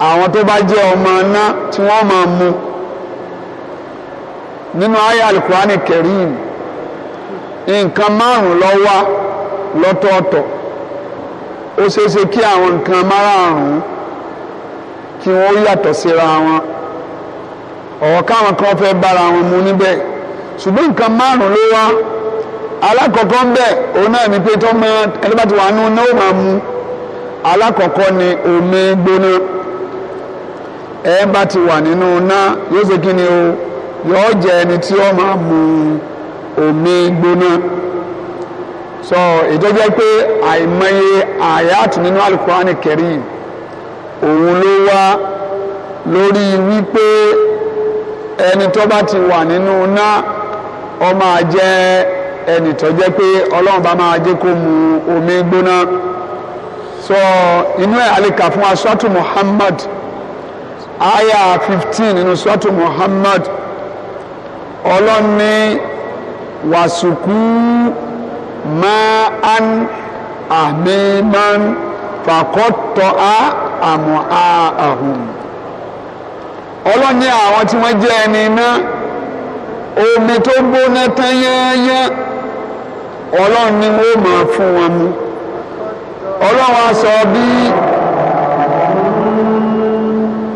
Speaker 1: àwọn tó bá jẹ́ ọmọ náà tí wọ́n máa mu nínú àyá Al-Qur'an Karim nǹkan márùn lọ ló wà lọ́tọ̀ọ̀tọ̀ ó ṣeéṣe kí àwọn nǹkan márùn kí wọ́n yàtọ̀ síra wọn ọwọ káwọn kan fẹ́ bára wọn mu níbẹ̀ ṣùgbọ́n nǹkan márùn ló wà alákọ̀ọ́kọ́ ń òun náà pé tó mọ ẹni bá ti wà nínú náà ó máa mu ni omi gbóná o jẹ ẹni tí ó máa omi gbóná so ìtọ́jẹ́ pé àìmọye àyàtì nínú alukurani kẹrin òun ló wá lórí wípé ẹni tó bá ti wà nínú iná ó je ẹni tó jẹ́ pé ọlọ́run bá máa jẹ́ kó mu omi gbóná so inú ẹ̀ alika fún asọ́tù Muhammad aya fifteen nínú sọ́tù Muhammad ọlọ́run ní. wàsùkú máàn àmìmán fàkọ́tọ̀ á àmọ́ àhùn ọlọ́ni àwọn tí wọ́n jẹ́ ẹni iná omi tó gbóná tán yẹ́ẹ́yẹ́ ọlọ́run ni wọ́n máa fún wọn mu ọlọ́run á bí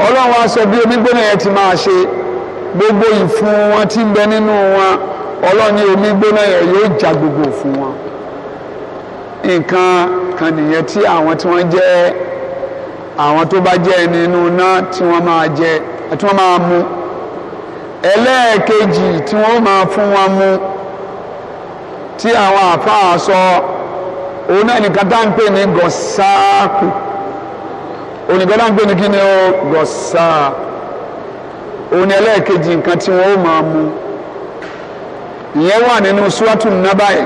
Speaker 1: ọlọ́run á bí omi gbóná yẹn ti máa ṣe gbogbo ìfun wọn tí ń bẹ nínú wọn. ọlọ́run ní omi gbóná yẹn yóò já gbogbo fún wọn nǹkan kan nìyẹn tí àwọn tí wọ́n jẹ́ àwọn tó bá jẹ́ ẹni inú náà tí wọ́n máa jẹ tí wọ́n máa mu ẹlẹ́ẹ̀kejì tí wọ́n máa fún wọn mu tí àwọn àfáà sọ òun náà nìkan tá à ń pè ní gọ̀sáàkù onìkan tá à ń pè ní kí ni ó gọ̀sáà òun ni ẹlẹ́ẹ̀kejì nǹkan tí wọ́n máa mu. ìyẹn wà nínú suwatu nabai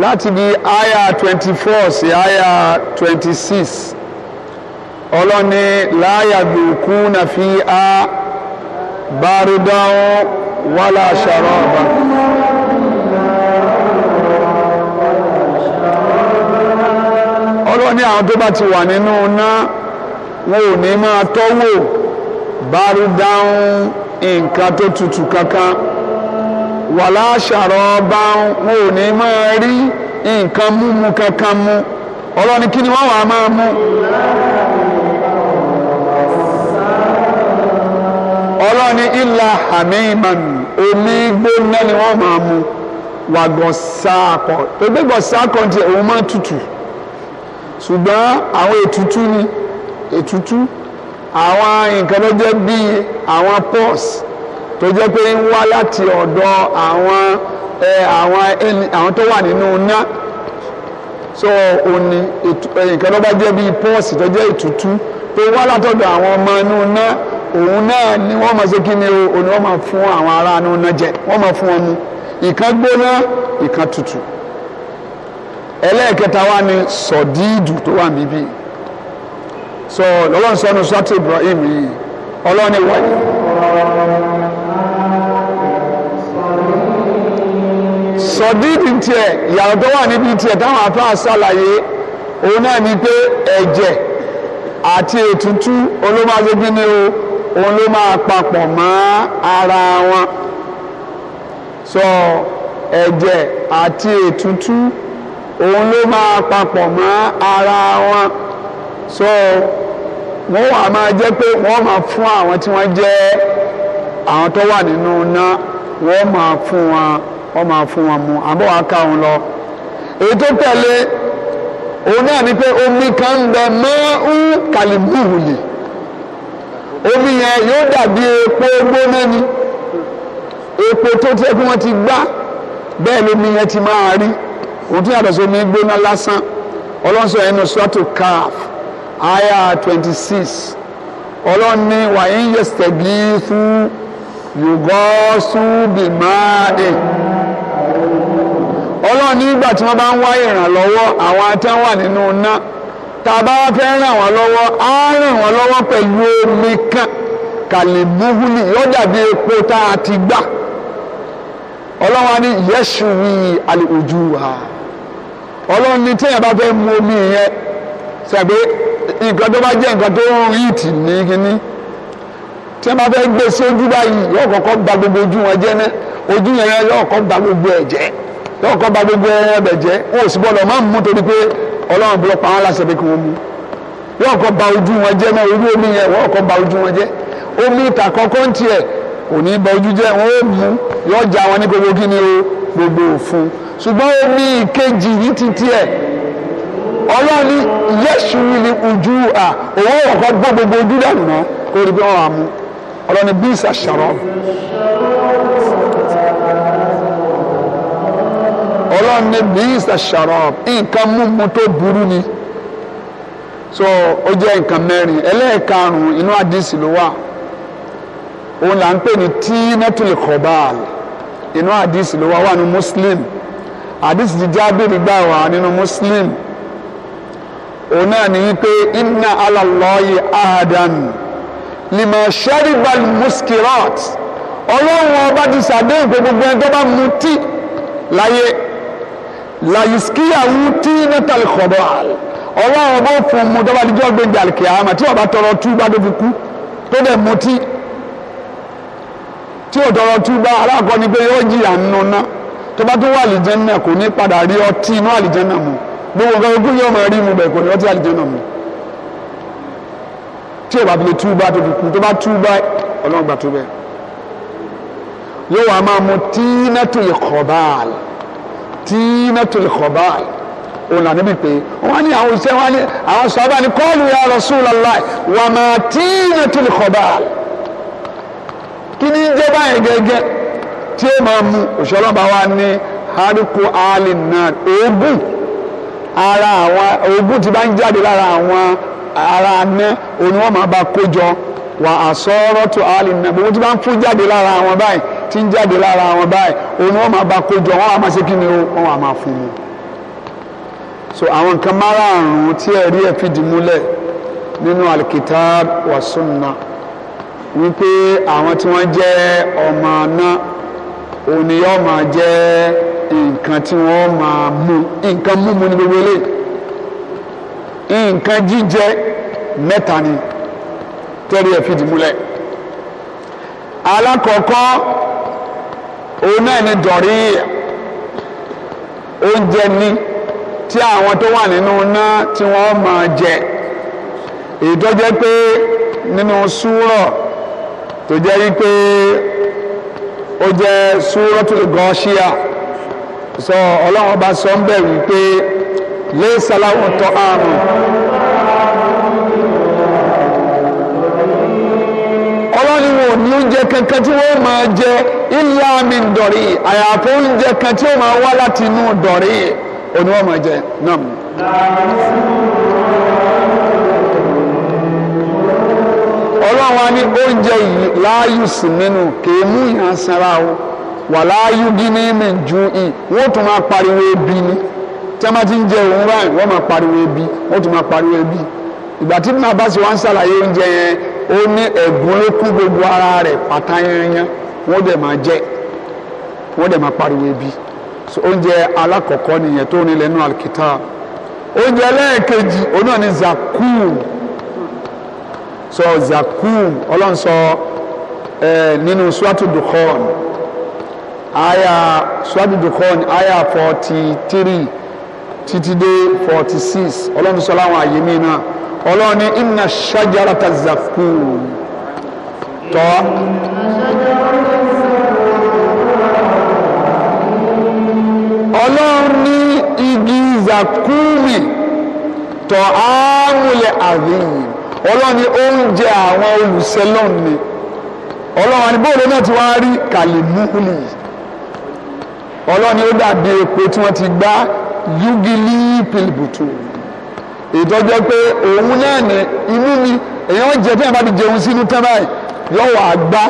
Speaker 1: láti di aya twenty four sí aya twenty six ọlọ́ni láyà dùkú na fi a bárídán wàlá ṣàrọ̀bà. ọlọ́ni àwọn tó bá ti wà nínú iná wọn ò ní máa tọ́wò bárídán nǹkan tó tutù kankan wàlá ṣàrọ̀ọ̀bá wọn ò ní máa rí nǹkan mímu kankan mu ọlọ́ni kí ni wọ́n wàá máa mú. ọlọ́ni ilà hamiman omi gbóná ni wọ́n máa mú wàgbọ̀n sáàkọ̀ tó gbégbọ̀n sáàkọ̀ ti òun máa tutù ṣùgbọ́n àwọn ètùtù ni ètùtù àwọn nǹkan ló jẹ́ bíi àwọn pọ́s tó jẹ́ pé ń wá láti ọ̀dọ̀ àwọn ẹ àwọn tó wà nínú ná so òní nǹkan tó bá jẹ́ bíi pọ́ọ̀sì tó jẹ́ ìtútú tó wá látọ̀dọ̀ àwọn ọmọ inú ná òun náà ni wọ́n máa ṣe kí ni o òní wọ́n máa fún àwọn ará inú ná jẹ wọ́n máa fún wọn mu gbóná ìkan tutù ẹlẹ́ẹ̀kẹta wa ni sọ̀díìdù tó wà níbí so lọ́wọ́n sọ́nu sọ́tì Ibrahim yìí ọlọ́ni wáyé. sọdíìdì tiẹ̀ ìyàwó tó wà níbi tiẹ̀ táwọn afáà ṣàlàyé òun náà ni pé ẹ̀jẹ̀ àti ètùtù olómazegínní o òun ló máa papọ̀ mọ́ ara wọn sọ ẹ̀jẹ̀ àti ètùtù òun ló máa papọ̀ mọ́ ara wọn sọ wọ́n wà máa jẹ́ pé wọ́n máa fún àwọn tí wọ́n jẹ́ àwọn tó wà nínú iná wọ́n máa fún wọn wọ́n máa fún wọn mu àbọ̀ wá ká wọn lọ. èyí tó tẹ̀lé òun náà ni pé omi kan ń bẹ mọ́ ń kàlíbùhùlì omi yẹn yóò dàbí epo gbóná ni epo tó tẹ́ pé wọ́n ti gbá bẹ́ẹ̀ lómi yẹn ti máa rí òun tún yàtọ̀ sí omi gbóná lásán ọlọ́sọ ẹnu sọ́tò káf àyà twenty six ọlọ́ni wàyí ń yẹ sẹ̀gí fún yògọ́ sùn bìmáàdì. ọlọ́run nígbà tí wọ́n bá ń wá ìrànlọ́wọ́ àwọn atẹ́ wà nínú iná tá bá wá fẹ́ ràn lọ́wọ́ á ràn wọ́n lọ́wọ́ pẹ̀lú omi kan kàlíbúhùlì yóò dàbí epo tá ti gbà ọlọ́run á ní yẹ́sù wí àlè ojú wa ọlọ́run ní bá fẹ́ mu omi yẹn sàgbé nǹkan tó bá jẹ́ nǹkan tó ń rí ìtì ní kínní tí wọ́n bá fẹ́ gbé sójú ojú wọn jẹ́ yóò kọ́ ba gbogbo ẹbẹ̀ jẹ́ wọn ò sì gbọ́dọ̀ máa ń mú torí pé ọlọ́run bí wọ́n pa wọn láṣẹ pé kí wọ́n mú yóò kọ́ ba ojú wọn jẹ́ náà irú omi yẹn wọ́n kọ́ ba ojú wọn jẹ́ omi ìtàkọ́kọ́ ń tiẹ̀ kò ní ba ojú jẹ́ wọn ó mú yóò já wọn ní gbogbo kí ni o gbogbo òfun ṣùgbọ́n omi ìkejì ní titi ẹ̀ ọlọ́run ní yẹ́sù ní ojú à òun ò kọ́ gbọ́ gbogbo ojú dànù náà kó ọlọ́run ní bíyìí ṣàṣàrọ̀ nǹkan mímu tó burú ni so ó jẹ́ nǹkan mẹ́rin ẹlẹ́ẹ̀karùn-ún inú àdìsí ló wà òun là ń pè ní tíínẹ́tùlì kọ̀báàl inú àdìsí ló wà wà ní muslim àdìsí ti jábìrì gbà wá nínú muslim òun náà ní wípé inna alàlọ́yì ahadan lìmọ̀ sharibal muskirat ọlọ́run ọba ti ṣàdéhùn pé gbogbo ẹni tó bá mutí láyé làyìsíkìyàwó tí nátàlì kọ̀dọ̀ ọlọ́run bó fún mu dọ́ba díjọ́ gbẹ̀gbẹ̀ àlùkè àmà tí ọba tọrọ túbà tó fi kú tó dẹ̀ mutí tí ò tọrọ túbà aláàkọ́ ni pé yóò jìyà nínú ná tó bá tó wà àlìjẹ́nà kò ní padà rí ọtí inú àlìjẹ́nà mu gbogbo nǹkan ogún yóò máa rí mu bẹ̀ kò ní ọtí àlìjẹ́nà mu tí ò bá fi lè túbà tó fi kú tó bá túbà ọlọ́run túbà yóò wá máa mu tí zinatul khaba'i òun là níbi pé wọn ní àwọn òṣìṣẹ́ wọn ní àwọn sọ́ọ́bà ní kọ́ọ̀lù ya Rasulullah wa ma tinatul khaba'i kí ní jẹ́ báyìí gẹ́gẹ́ tí ó máa mu òṣìṣẹ́ ọlọ́ba wa ní hariku ali náà oògùn ara àwọn oògùn tí bá ń jáde lára àwọn ara aná òun ni wọ́n máa bá kó jọ wà àsọ̀rọ̀ tó ali náà gbogbo tí bá ń fún jáde lára àwọn báyìí tí ń jáde lára wọn báyìí òun wọn máa bá kójọ wọn á máa ṣe kí ni o wọn á máa fún un. so àwọn nǹkan márààrún tí ẹ̀rí ẹ̀ fìdí múlẹ̀ nínú alikitab wa sunna wípé àwọn tí wọ́n jẹ́ ọmọ náà òun ni yóò máa jẹ́ nǹkan tí wọ́n máa mú nǹkan múmu ní gbogbo eléyìí nǹkan jíjẹ mẹ́ta ni tẹ́rí ẹ̀ fìdí múlẹ̀ alákọ̀ọ́kọ́ òun náà ni dọ̀rí oúnjẹ ní tí àwọn tó wà nínú iná tí wọ́n máa jẹ èyí tó jẹ́ pé nínú súrọ̀ tó jẹ́ wípé ó jẹ́ súratul Ghashiya sọ ọlọ́run bá sọ ń bẹ̀ wípé laysa lahu ta'amun. ọlọ́run ò ní oúnjẹ kankan tí wọ́n máa jẹ. ilé àmì dọ̀rí àyàfó oúnjẹ kan tí ó máa wá láti inú dọ̀rí òní wọ́n jẹ náà. ọlọ́run á ní oúnjẹ yìí láàyù sí nínú kèé mú o wà láàyù gíní mi ju ì wọ́n tún máa pariwo ebi ni tí ń jẹ òun wọ́n máa pariwo ebi wọ́n tún máa pariwo ebi ìgbà tí bá wá ń ṣàlàyé oúnjẹ yẹn ó ní wọ́n dẹ̀ máa jẹ wọ́n dẹ̀ máa pariwo ebi so oúnjẹ alákọ̀ọ́kọ́ nìyẹn tó ní lẹ́nu àlùkìtà oúnjẹ lẹ́ẹ̀kejì òun náà ni so, zakuu, ọlọ́run sọ ẹ nínú suwatu dukọ́n aya suwatu dukọ́n aya forty three títí dé forty six ọlọ́run sọ láwọn àyè mí náà ọlọ́run ní inna shajarata zakum tọ́ ọlọ́run ní igi zakumi tọ́ àmúlẹ̀ àríyìn ọlọ́run ní oúnjẹ àwọn olùsẹ́lọ́n ni ọlọ́run ní bóòlù náà ti wá rí kàlímúlì ọlọ́run ní ó dàbí epo tí wọ́n ti gbá yúgìlì pìlìbùtù ìtọ́jọ́ pé òun náà ní inú mi èèyàn jẹ tí wọ́n bá ti jẹun sínú tán báyìí yóò wà gbá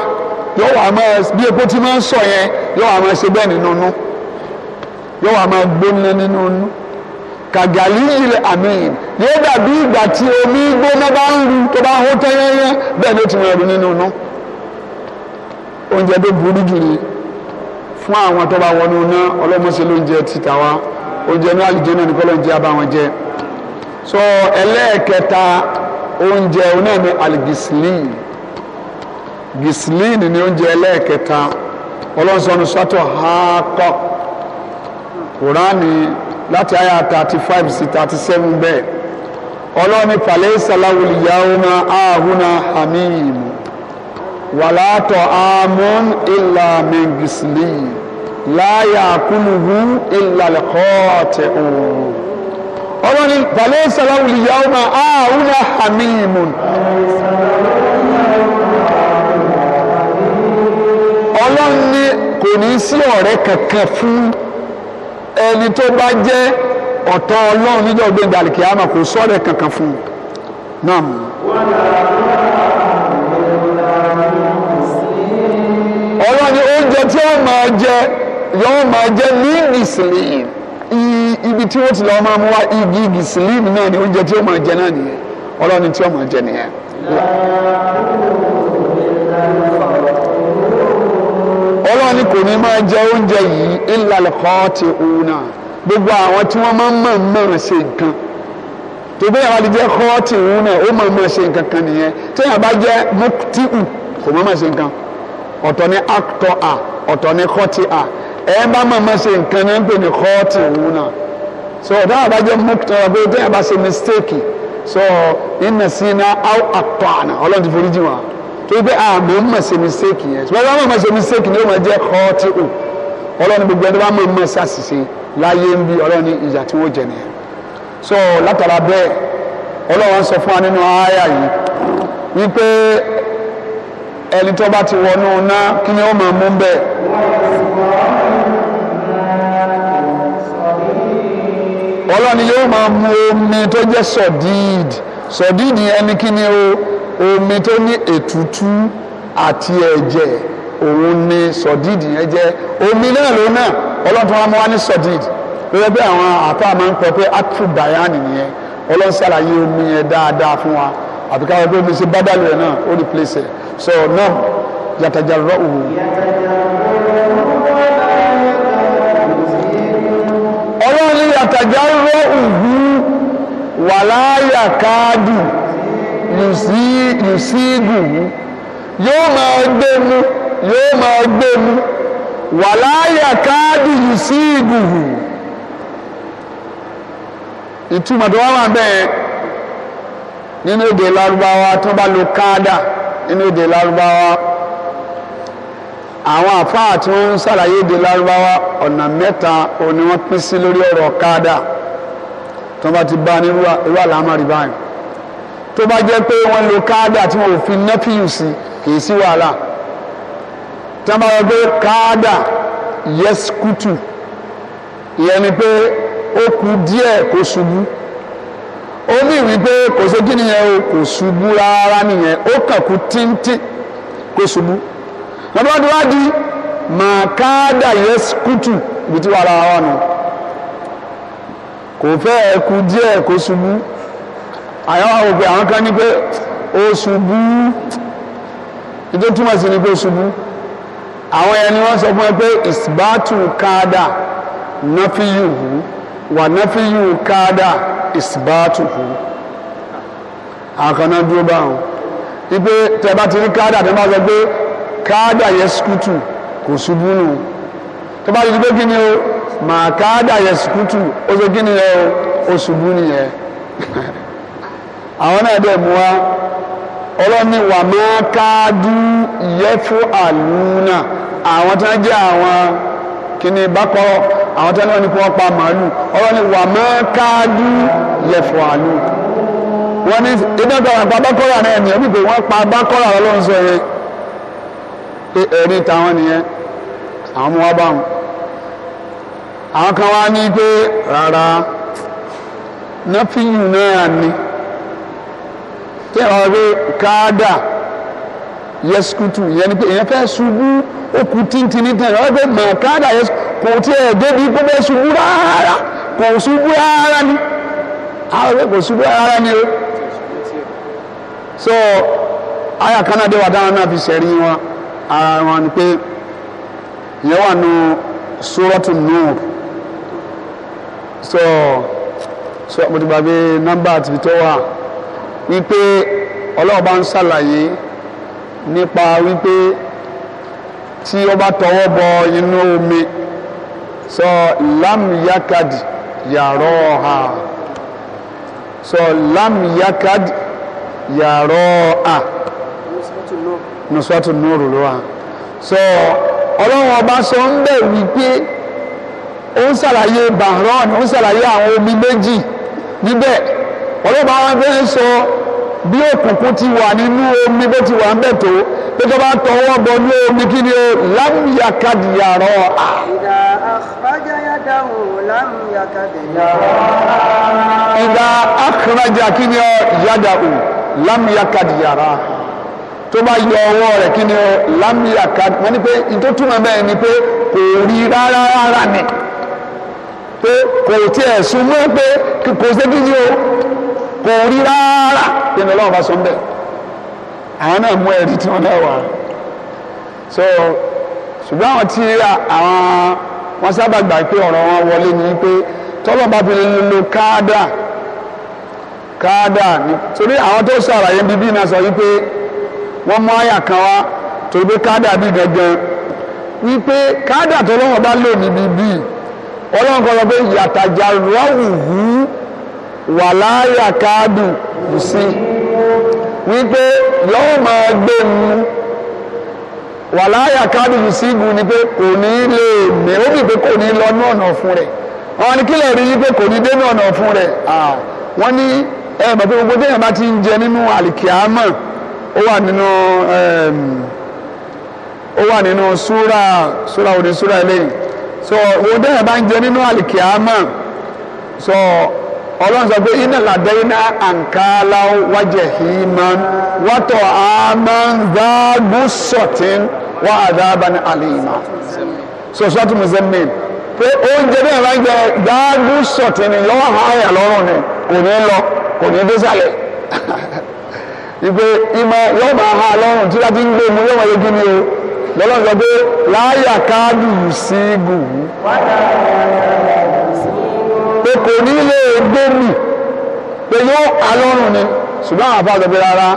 Speaker 1: yóò wà máa bí epo tí máa ń sọ yẹn yóò wà máa ṣe bẹ́ẹ̀ nínú inú yóò wà máa gbóná nínú inú kàgàlí ilẹ̀ amin yóò dàbí ìgbà tí omi gbóná bá ń ru tó bá hó tẹ́yẹ́yẹ́ bẹ́ẹ̀ ló ti máa ru nínú inú oúnjẹ tó burú jù ni fún àwọn tó bá wọnú iná ọlọ́mọṣẹ́ lóúnjẹ ti tàwa oúnjẹ ní àlùjẹ náà nìkan lóúnjẹ abáwọn jẹ so ẹlẹ́ẹ̀kẹta oúnjẹ onáà ní alìgìsìlíì gisilin ni oúnjẹ ẹlẹ́ẹ̀kẹta ọlọ́sọ̀nù sọ́tọ̀ ha kọ́ kùránì láti àyà thirty five sí thirty seven bẹ́ẹ̀ ọlọ́ni falẹ̀ sàláwùlì yahoma ahuna hamim wàlátọ̀ amún ìlà mẹ́gìsìlín láyà kúlùhù ìlà lẹ́kọ́ọ̀tẹ̀ òun ọlọ́ni falẹ̀ sàláwùlì yahoma ahuna hamim. ọlọ́run ní kò ní sí ọ̀rẹ́ kankan fún ẹni tó bá jẹ́ ọ̀tọ̀ ọlọ́run níjọ́ gbẹ̀ngà àlìkìyàmà kò sọ̀rẹ́ kankan fún un náà. ọlọ́run ní oúnjẹ tí wọ́n máa jẹ yọ́n máa jẹ ní ìsìlẹ̀yìn ibi tí wọ́n ti lọ́ọ́ máa mú wá igi ìsìlẹ̀yìn náà ni oúnjẹ tí wọ́n máa jẹ náà nìyẹn ọlọ́run tí wọ́n máa jẹ nìyẹn. ọlọ́run ní kò ní máa jẹ oúnjẹ yìí ìlàlùkọ́ ti òun náà gbogbo àwọn tí wọ́n máa ń mọ̀ mọ̀ ṣe nǹkan tó bẹ́ẹ̀ wá ti jẹ́ kọ́ ti òun náà ó mọ̀ mọ̀ ṣe nǹkan kan nìyẹn téèyàn bá jẹ́ mọ́tìkù kò mọ̀ mọ̀ ṣe nǹkan ọ̀tọ̀ ni actor a ọ̀tọ̀ ni kọ́ ti a ẹ bá mọ̀ mọ̀ ṣe nǹkan ní pè ní kọ́ ti òun so ọ̀tọ̀ àwọn bá jẹ́ mọ́tìkù ọ̀tọ̀ mistake so ìnà sí iná àwọn àtọ̀ àná wípé àmọ́ ah, mọ̀ ṣe mistake yẹn tí wọ́n bá mọ̀ ṣe mistake ni ó máa jẹ́ kọ́ọ̀tì ò ọlọ́run gbogbo ẹni bá mọ̀ mọ̀ ṣàṣìṣe láyé ń bí ọlọ́run ní tí wọ́n jẹ nìyẹn so látara bẹ́ẹ̀ ọlọ́run sọ fún wa nínú àyà yìí wípé ẹni tó bá ti wọnú ná kí ni ó máa mú bẹ́ẹ̀. ọlọ́run yóò máa mu omi tó jẹ́ sọ̀díìdì sọ̀díìdì ẹni kí ni ó omi tó ní ètútú àti ẹ̀jẹ̀ òun ni sọ̀díìdì yẹn jẹ́ omi náà ló náà ọlọ́tún wa mọ́ wá ní sọ̀díìdì lórí bí àwọn àpá máa ń pọ̀ pé atru bayani nìyẹn ọlọ́run ṣàlàyé omi yẹn dáadáa fún wa àbí káwọn pé omi ṣe bádàlú ẹ̀ náà ó replace ẹ̀ so náà yàtàjà rọ òwò. ọlọ́run yàtàjà rọ òwò wàláyà káàdù yùsíìgù yóò máa gbé mu yóò máa gbé mu wàláyà káàdì yùsíìgù ìtumọ̀ tó wá wà bẹ́ẹ̀ nínú èdè lárúbáwá tó bá lo káàdà nínú èdè lárúbáwá àwọn àfáà tí wọ́n ń ṣàlàyé èdè lárúbáwá ọ̀nà mẹ́ta òun ni wọ́n pín sí lórí ọ̀rọ̀ káàdà tó bá ti bá nírú àlámọ̀rí báyìí tó bá jẹ́ pé wọ́n lo káàdà tí wọ́n fi nẹ́pìlù sí kì í sí wàhálà tí wọ́n bá wọ́n pé káàdà yẹ́sùkùtù ìyẹn ni pé ó kù díẹ̀ kó ṣubú ó ní wípé kò sí kí nìyẹn o kò ṣubú rárá nìyẹn ó kàn kú tíntín kó ṣubú lọ́dọ̀ tí di màá káàdà yẹ́sùkùtù ibi tí wàhálà wà nù kò fẹ́ ẹ̀ kù díẹ̀ kó ṣubú àyàwó àwọn òpè àwọn kan ní pé ó ṣubú ètò túmọ̀ sí ni pé ó ṣubú àwọn ẹni wọ́n sọ fún ẹ pé ìsbátù káàdà náfíyùhù wà náfíyù káàdà ìsbátùhù àwọn kan náà dúró báwọn wípé tẹ bá ti rí káàdà tẹ bá sọ pé káàdà yẹ sukutu kò ṣubú nù tó bá ti pé kí ni o màá káàdà yẹ sukutu ó ṣe kí ni o ṣubú nìyẹn. àwọn náà dẹ̀ mú wa ọlọ́ni wà máa káájú ìyẹ́fú àlùúnà àwọn tó ń jẹ́ àwọn kíní bákọ́rọ̀ àwọn tí wọ́n ní kí wọ́n pa màálù ọlọ́ni wà máa káájú ìyẹ́fú àlùúnà wọ́n ní bákọ́rọ̀ náà ni ẹbí pé wọ́n pa bákọ́rọ̀ sọ yẹn pé ẹ̀rí táwọn nìyẹn àwọn tí ẹ máa wé káàdà yẹsùkùtù ìyẹn ni pé èèyàn fẹ́ ṣubú òkú tíntìní tẹ̀ ẹ pé mà káàdà yẹsùkùtù kò tí ẹ débi kó fẹ́ ṣubú rárá kò ṣubú rárá ni àwọn ẹgbẹ́ kò ṣubú rárá ni o so aya kanade wa dáhùn náà fi ṣẹ̀rí wa ara wọn ni pé ìyẹn wà nù nùr so so mo ti gbàgbé nọ́mbà àti So, wípé ọlọ́run bá ń ṣàlàyé nípa wípé tí ó bá tọwọ́ bọ inú omi sọ lam yakad yàrá ọ̀hà sọ lam yakad yàrá ọ̀hà nùsọ́tù nùrù ló wà sọ ọlọ́run ọba sọ ń bẹ̀ wípé ó ń ṣàlàyé bahrain ó ń ṣàlàyé àwọn omi méjì níbẹ̀ ọlọ́ba wọn fẹ́ sọ bí òkùnkùn ti wà nínú omi bó ti wà ń bẹ̀ tó pé tó bá tọwọ́ bọ ní omi kí ni o lámìyàkadìyàrọ̀ à.
Speaker 3: ìdá àkàràjà yàdáwò lámìyàkadìyàrọ̀
Speaker 1: à. ìdá àkàràjà kí ni o yàdáwò lámìyàkadìyàrọ̀ à tó bá yọ ọwọ́ rẹ̀ kí ni lámìyà ká wọ́n ní pé ìtò túmọ̀ bẹ́ẹ̀ ni pé kò rí rárá rárá ni pé kò tiẹ̀ súnmọ́ pé kò ṣe kí ni o kò rí rárá nínú ọlọ́run bá sọ bẹ́ẹ̀ àwọn náà mú ẹ̀rí tí wọ́n náà wà so ṣùgbọ́n àwọn tí àwọn wọn sábà gbà pé ọ̀rọ̀ wọn wọlé ni pé tọ́lọ́ bá fi lo káàdà káàdà ni torí àwọn tó ṣàlàyé bíbí náà sọ wípé wọ́n mú àyà kan wá torí pé káàdà bí gangan wípé káàdà tọ́lọ́wọ́n bá lò níbi bíi ọlọ́run kọ́ sọ pé yàtàjà rọ́ọ̀hùn wàláyà káàdù sí wípé yóò máa gbé mu wàláyà káàdù sí ni kò ní lè mẹ ó kò ní lọ ní ọ̀nà fún rẹ̀ àwọn ni kílẹ̀ rí wípé kò ní dé ní ọ̀nà fún rẹ̀ wọ́n ní ẹ mọ̀ pé gbogbo déyàn bá ti wà nínú ó wà nínú òde eléyìí so ọlọ́run sọ pé iná làdẹ́yìn náà àǹkálá wájẹ̀ yìí máa ń wọ́tọ̀ àmàǹdàgbù sọ̀tín wà àdábàní àlèyìnmá so sọ́tún mi sẹ́mi pé oúnjẹ bí ẹ̀rọ jẹ gbàgbù sọ̀tín ni lọ́wọ́ àyà lọ́rùn ni kò ní lọ kò ní désàlẹ̀ ìpè ìmọ̀ yóò máa ha lọ́rùn tí láti ń gbé mu yóò máa yege ni o lọ́lọ́run sọ pé láyà káàdù sí gùn.
Speaker 2: wájà pé kò
Speaker 1: ní lè gbé mi pé yóò alọ́run ni ṣùgbọ́n àwọn afáàzọ pé rárá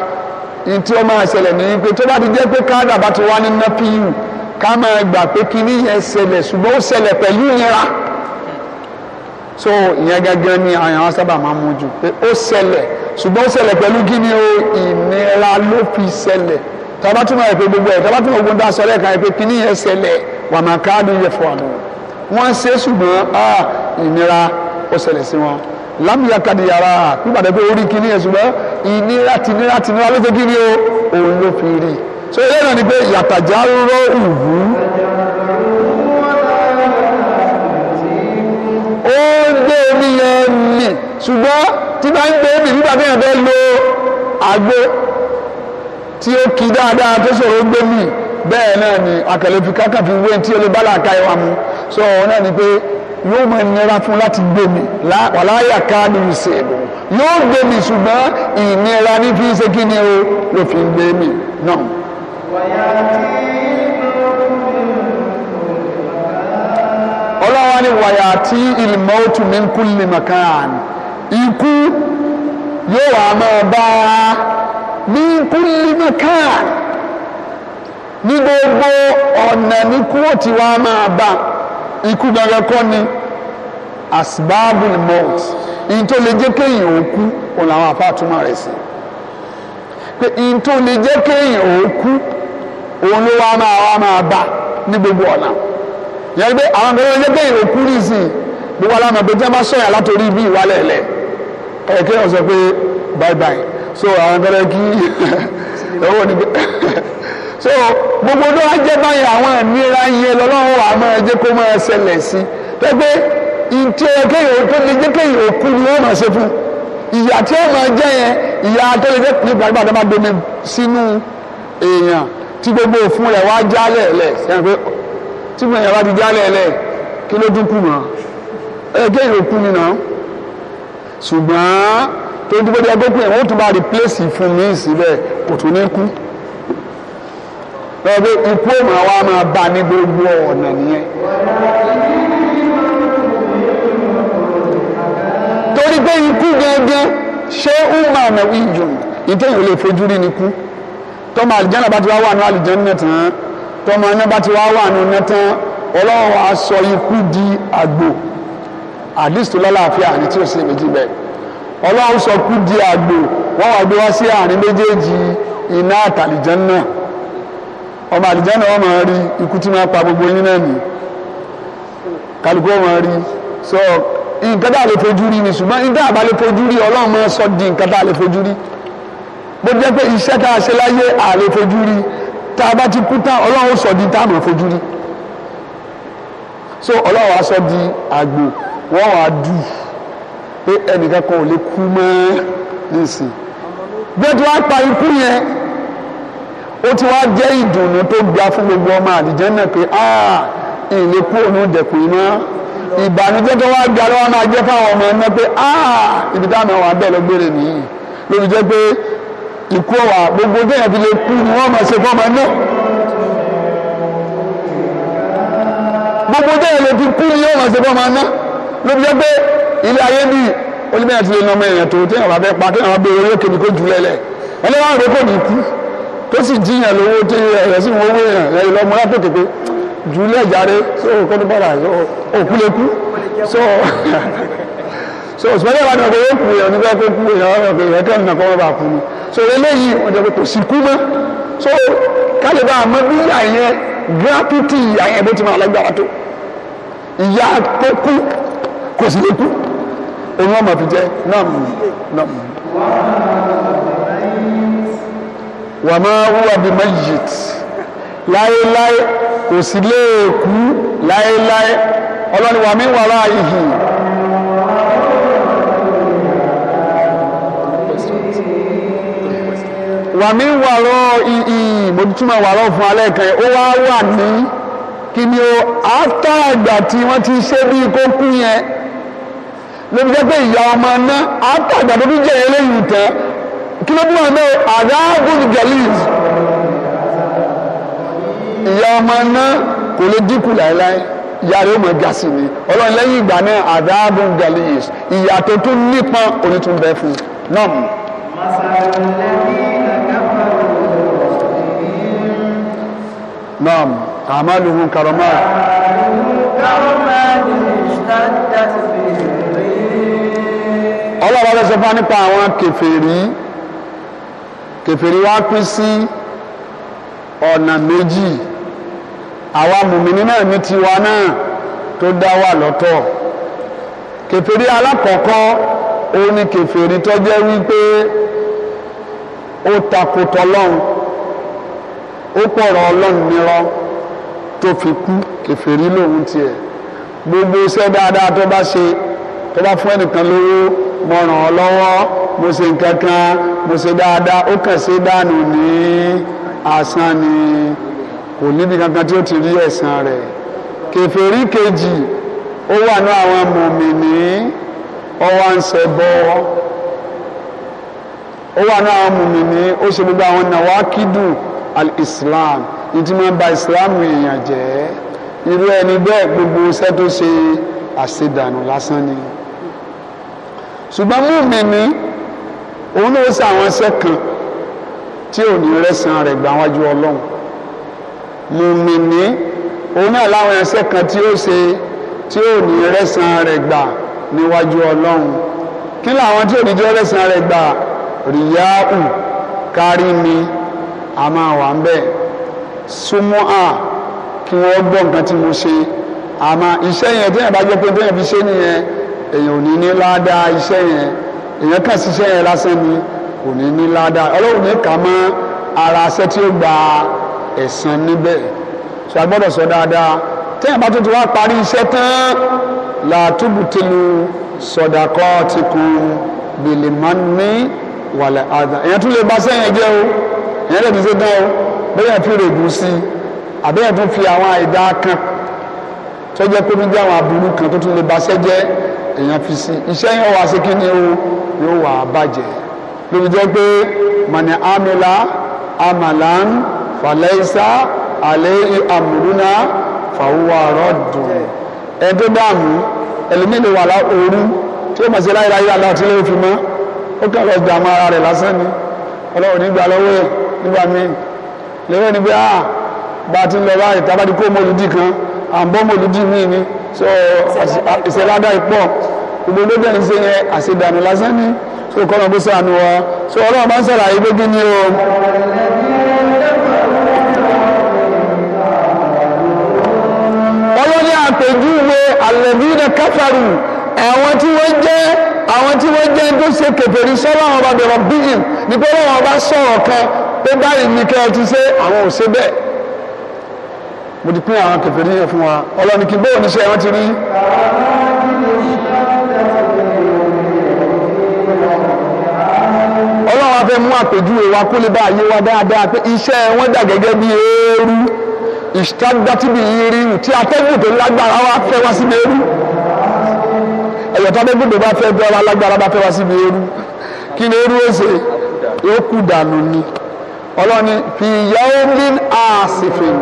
Speaker 1: ní tí ó máa ṣẹlẹ̀ ní pé tó bá ti jẹ́ pé káàdà bá ti wá ní nọ́pìyù ká máa gbà pé kíní yẹn ṣẹlẹ̀ ṣùgbọ́n ó ṣẹlẹ̀ pẹ̀lú ìnira so ìyẹn gẹ́gẹ́ ni àyàn sábà máa ń mójú pé ó ṣẹlẹ̀ ṣùgbọ́n ó ṣẹlẹ̀ pẹ̀lú kíní o ìnira ló fi ṣẹlẹ̀ tọ́ba túmọ̀ ẹ̀ pé gbogbo ẹ̀ tọ́ba túmọ̀ ogun dá sọlẹ̀ kan pé kíní yẹn ṣẹlẹ̀ wàmàkáàdùn yẹ fún àná wọ́n ṣe ṣùgbọ́n ìnira ó ṣẹlẹ̀ sí wọn lámìyá kadìyàrá nígbàdé pé orí kìíní yẹn ṣùgbọ́n ìnira ti nira ti nira ló fi kìíní o òun ló fi rí i so eré náà ni pé yàtàjà rọ ìwú ó gbé omi yẹn mì ṣùgbọ́n tí bá ń gbé omi nígbà tí yẹn fẹ́ lo àgbo tí ó kí dáadáa tó ṣòro gbé mì bẹ́ẹ̀ náà ni àkàlẹ́ fi kákà fi wé tí olè bá làákà ẹ̀ wà mú so náà ni pé yóò máa nira fún láti gbé mi wàláyà káàdì ìṣèlú yóò gbé mi ṣùgbọ́n ìnira ní fi ṣe kí ni o ló fi gbé mi náà. ọlọ́wọ́ ni wàyà tí ìlmọ́tù mi ń kún lè mọ̀kàn ikú yóò wá máa bá a ní kún lè mọ̀kàn ní gbogbo ọ̀nà ní kúrò tí wàá máa bá a ikú gbẹgbẹ kọ́ ni asbabul maut ìyìn tó lè jẹ́ kéèyàn ó kú òun làwọn àfa àtúmọ̀ rẹ̀ sí pé ìyìn tó lè jẹ́ kéèyàn ó kú òun ló wá máa wá máa bá ní gbogbo ọ̀nà yẹn pé àwọn kan lè jẹ́ kéèyàn ó kú nísìnyí gbogbo alámọ̀ pé jẹ́ bá sọ̀yà látòrí ibi ìwálẹ̀ lẹ̀ ẹ̀ kéèyàn pé bye bye so àwọn kan lè kí ẹ̀ wọ́n pé. so gbogbo tó wá jẹ́ báyìí àwọn ìnira yẹn lọ́lọ́run wà máa jẹ́ kó máa ṣẹlẹ̀ sí tó pé ìtì kéèyàn tó lè jẹ́ kéèyàn òkú ni wọ́n máa ṣe fún ìyà tí wọ́n máa jẹ́ yẹn ìyà tó lè jẹ́ nípa nígbà tó bá domi sínú èèyàn tí gbogbo òfun rẹ̀ wá jálẹ̀ lẹ̀ sẹ́yìn pé tí gbogbo èèyàn wá ti jálẹ̀ lẹ̀ kí ló dínkù mọ́ ẹ kéèyàn òkú ni náà ṣùgbọ́n tó dúpẹ́ bí ẹgbẹ́ pé wọ́n tún bá replace fún mi síbẹ̀ kò tún ní kú pẹ̀lú ikú òmùrà wa máa bá ní gbogbo ọ̀nà nìyẹn. torí pé ikú gẹ́gẹ́ ṣé ó máa mọ̀ ìjùn ìtẹ̀yìn ò lè fojú rí ni kú tọ́mọ àlìjáná bá ti wá wà ní àlìjáná náà tán tọ́mọ iná bá ti wá wà ní iná tán ọlọ́run wa sọ ikú di àgbò àdìsítò lálàáfíà ní tí ò sí méjì bẹ́ẹ̀ ọlọ́run sọ kú di àgbò wọ́n wá gbé wá sí àárín méjèèjì iná àtàlìjáná ọmọ àdìjẹ́ náà wọ́n máa rí ikú tí máa pa gbogbo yín náà nì kálukú wọ́n máa rí so nǹkan tá a lè fojú rí ni ṣùgbọ́n nǹkan tá a bá lè fojú rí ọlọ́run máa sọ di nǹkan tá a lè fojú rí bó jẹ́ pé iṣẹ́ tá a ṣe láyé a lè fojú rí tá a bá ti kú tán ọlọ́run sọ di tá a máa fojú rí so ọlọ́run á sọ di àgbò wọ́n wàá dù pé ẹnìkan kan ò lè kú mọ́ nísìn bí ti wá pa ikú yẹn ó ti wá jẹ́ ìdùnnú tó gba fún gbogbo ọmọ àdìjẹ́ náà pé ah, ìlè kú òun dẹ̀kun iná ìbànújẹ́ tó wá gba lọ́wọ́ máa jẹ́ fáwọn ọmọ iná pé ah, ibi táwọn àwọn abẹ́ lọ gbére nìyí lórí jẹ́ pé ìkú ọ̀wà gbogbo bẹ́ẹ̀ fi lè kú ni wọ́n máa ṣe fọ́mọ náà. gbogbo bẹ́ẹ̀ lè fi kú ni wọ́n máa ṣe fọ́mọ náà lórí jẹ́ pé ilé ayé bíi olùbẹ̀yẹ̀ ti lè nà ọmọ èèyàn tó téèyàn bá fẹ́ pa téèyàn bá bẹ orí òkè ní kó jù lẹ́lẹ̀ ẹlẹ́wọ̀n àròkò ní kú ó sì jiyàn lówó tí ẹ̀rẹ̀ sì wọ́n wéyàn ẹ̀rẹ̀ lọ́mọ látòkè pé jùlẹ̀ jáde so kó tó bára òkú lè kú so so òṣùpẹ́lẹ̀ wà náà pé ó kú èèyàn nígbà pé kú èèyàn wà pé èèyàn kẹ́rin náà kọ́ wọn bá kú ni so eléyìí wọ́n jẹ́ pé kò sí kú mọ́ so kálíbà àmọ́ bí ìyá yẹn gírátítì ìyá yẹn bó ti máa lágbára tó ìyá tó kú kò sí lè kú òun ọmọ fi jẹ náà mú náà mú wà máa hùwà bí masjid láéláé kò sí léèkú láéláé ọlọ́ni wà mí wàrà ìhì. wà mí wàrọ̀ ìhì mo túmọ̀ wàrọ̀ fún alẹ́ kan ó wá wà ní kíni o after àgbà tí wọ́n ti ṣe bí kó kú yẹn lóbi jẹ́ pé ìyá ọmọ náà after àgbà tó bí jẹ́ eléyìí tán kí ló bú àmì àdáàbùn galiz ìyá ọmọ náà kò lè dínkù láéláé ìyá rẹ̀ ó mọ̀ ga sí ni ọlọ́run lẹ́yìn ìgbà náà àdáàbùn galiz ìyá tó tún nípọn onítún bẹ́ẹ̀ fún náà mú. نعم أعمالهم كرمات ọlọ́run ọlọ́sọ fún wa nípa àwọn kèfèrí kèfèrí wa pín sí ọ̀nà méjì àwa mùmíní náà ní tiwa náà tó dá wà lọ́tọ̀ kèfèrí alákọ̀ọ́kọ́ òun ni kèfèrí tó jẹ́ wípé ó takò tọ́lọ́hún ó pọ̀rọ̀ ọlọ́run nírọ́ tó fi kú kèfèrí lòun tiẹ̀ gbogbo iṣẹ́ dáadáa tó bá ṣe tó bá fún ẹnìkan lówó mo ràn ọ́ lọ́wọ́ mo ṣe nǹkan kan mo ṣe dáadáa ó kàn ṣe dànù ní asán ni kò níbi kankan tí ó ti rí ẹ̀san rẹ̀ kèfèrí kejì ó wà ní àwọn mùmìnì ó ń ṣe bọ́ ó wà ní àwọn mùmìnì ó ṣe gbogbo àwọn nàwákìdù al-islam ìtumọ̀ ba islam èèyàn jẹ́ irú ẹni bẹ́ẹ̀ gbogbo iṣẹ́ tó ṣe àṣedànù lásán ni ṣùgbọ́n múmi ní òun ló ṣe àwọn ẹsẹ̀ kan tí ò ní rẹ́sàn rẹ̀ gbà wájú ọlọ́run múmi ní òun náà láwọn ẹsẹ̀ kan tí ó ṣe tí ò ní rẹ́sàn rẹ̀ gbà níwájú ọlọ́run kí làwọn tí ò ní jẹ́ rẹ́sàn rẹ̀ gbà rìyáhù kárí mi a máa wà ń bẹ́ẹ̀ súnmọ́ à kí wọ́n gbọ́ nǹkan tí mo ṣe àmọ́ iṣẹ́ yẹn tí yẹn bá jẹ́ pé bí fi ṣe nìyẹn èèyàn ò ní ní ládàá iṣẹ́ yẹn èèyàn kàn ṣiṣẹ́ yẹn lásán ni kò ní ní ládàá ọlọ́run ní kà mọ́ ara aṣẹ́ tí ó gba ẹ̀san níbẹ̀ ṣe agbọ́dọ̀ sọ dáadáa tẹ́yìn bá tuntun wá parí iṣẹ́ tán làtúbùtẹ́lu sọ̀dàkọ́ ti kun bìlì máa ń ní wàlẹ̀ àdá èèyàn tún lè ba sẹ́yìn jẹ́ o èèyàn lè fi ṣe dán o bẹ́ẹ̀ fi rògùn sí i àbẹ́yẹ̀ tún fi àwọn àìdá kan tó jẹ́ pé níbi àwọn aburú kan tó tún lè ba sẹ́jẹ́ èèyàn fi sí iṣẹ́ yẹn wà sí kíni o yóò wà bàjẹ́ lórí jẹ́ pé mani amila amalan falaisa alẹ́ amúrúnà fàwọ́rọ́ dùn ẹgbẹ́ dààmú ẹlẹ́mìnì wà lá ooru tí ó mọ̀ sí láyéláyé aláàtí lè fi mọ́ ó kàn lọ dààmú ara rẹ̀ lásán ni ọlọ́run nígbà lọ́wọ́ ẹ̀ nígbà míì lẹ́wọ́ ni ah, bí a bá ti lọ báyìí tábàdí kó mọ́ olùdí kan àbọ̀mọ̀lùdì míì ni so ìṣẹ̀ládà ìpọ̀ gbogbo ló bẹ̀rẹ̀ ṣe yẹn àṣedànù lásán ni so kọ́nà bó sànù wa so ọlọ́run bá ń ṣàlàyé pé kí ni o. ọlọ́ni àpèjúwe àlẹ́bíyìnà káfàrù àwọn tí wọ́n jẹ́ àwọn tí wọ́n jẹ́ tó ṣe kèfèrí sọ́lá ọba bẹ̀rọ̀ bíyìn nípa ọlọ́run ọba sọ̀rọ̀ kan pé báyìí ní kẹ́ ẹ ti ṣe àwọn ò ṣe bẹ́ẹ̀ mo ti pín àwọn kẹfẹ́ níyẹn fún wa ọlọ́ni kí bóun níṣẹ́ wọn ti rí. ọlọ́run á fẹ́ mú àpèjúwe wa kó lè bá ayé wa dáadáa pé iṣẹ́ wọn dà gẹ́gẹ́ bí eérú ìṣàdátìbì irin tí atẹ́gùn tó lágbára wa fẹ́ wá síbi eérú ẹ̀yọ̀ tó atẹ́gùn tó bá fẹ́ bí ọba lágbára bá fẹ́ wá síbi eérú kí ni eérú ó ṣe kú dànù ni ọlọ́ni fi yẹ́wó ní àsìfẹ́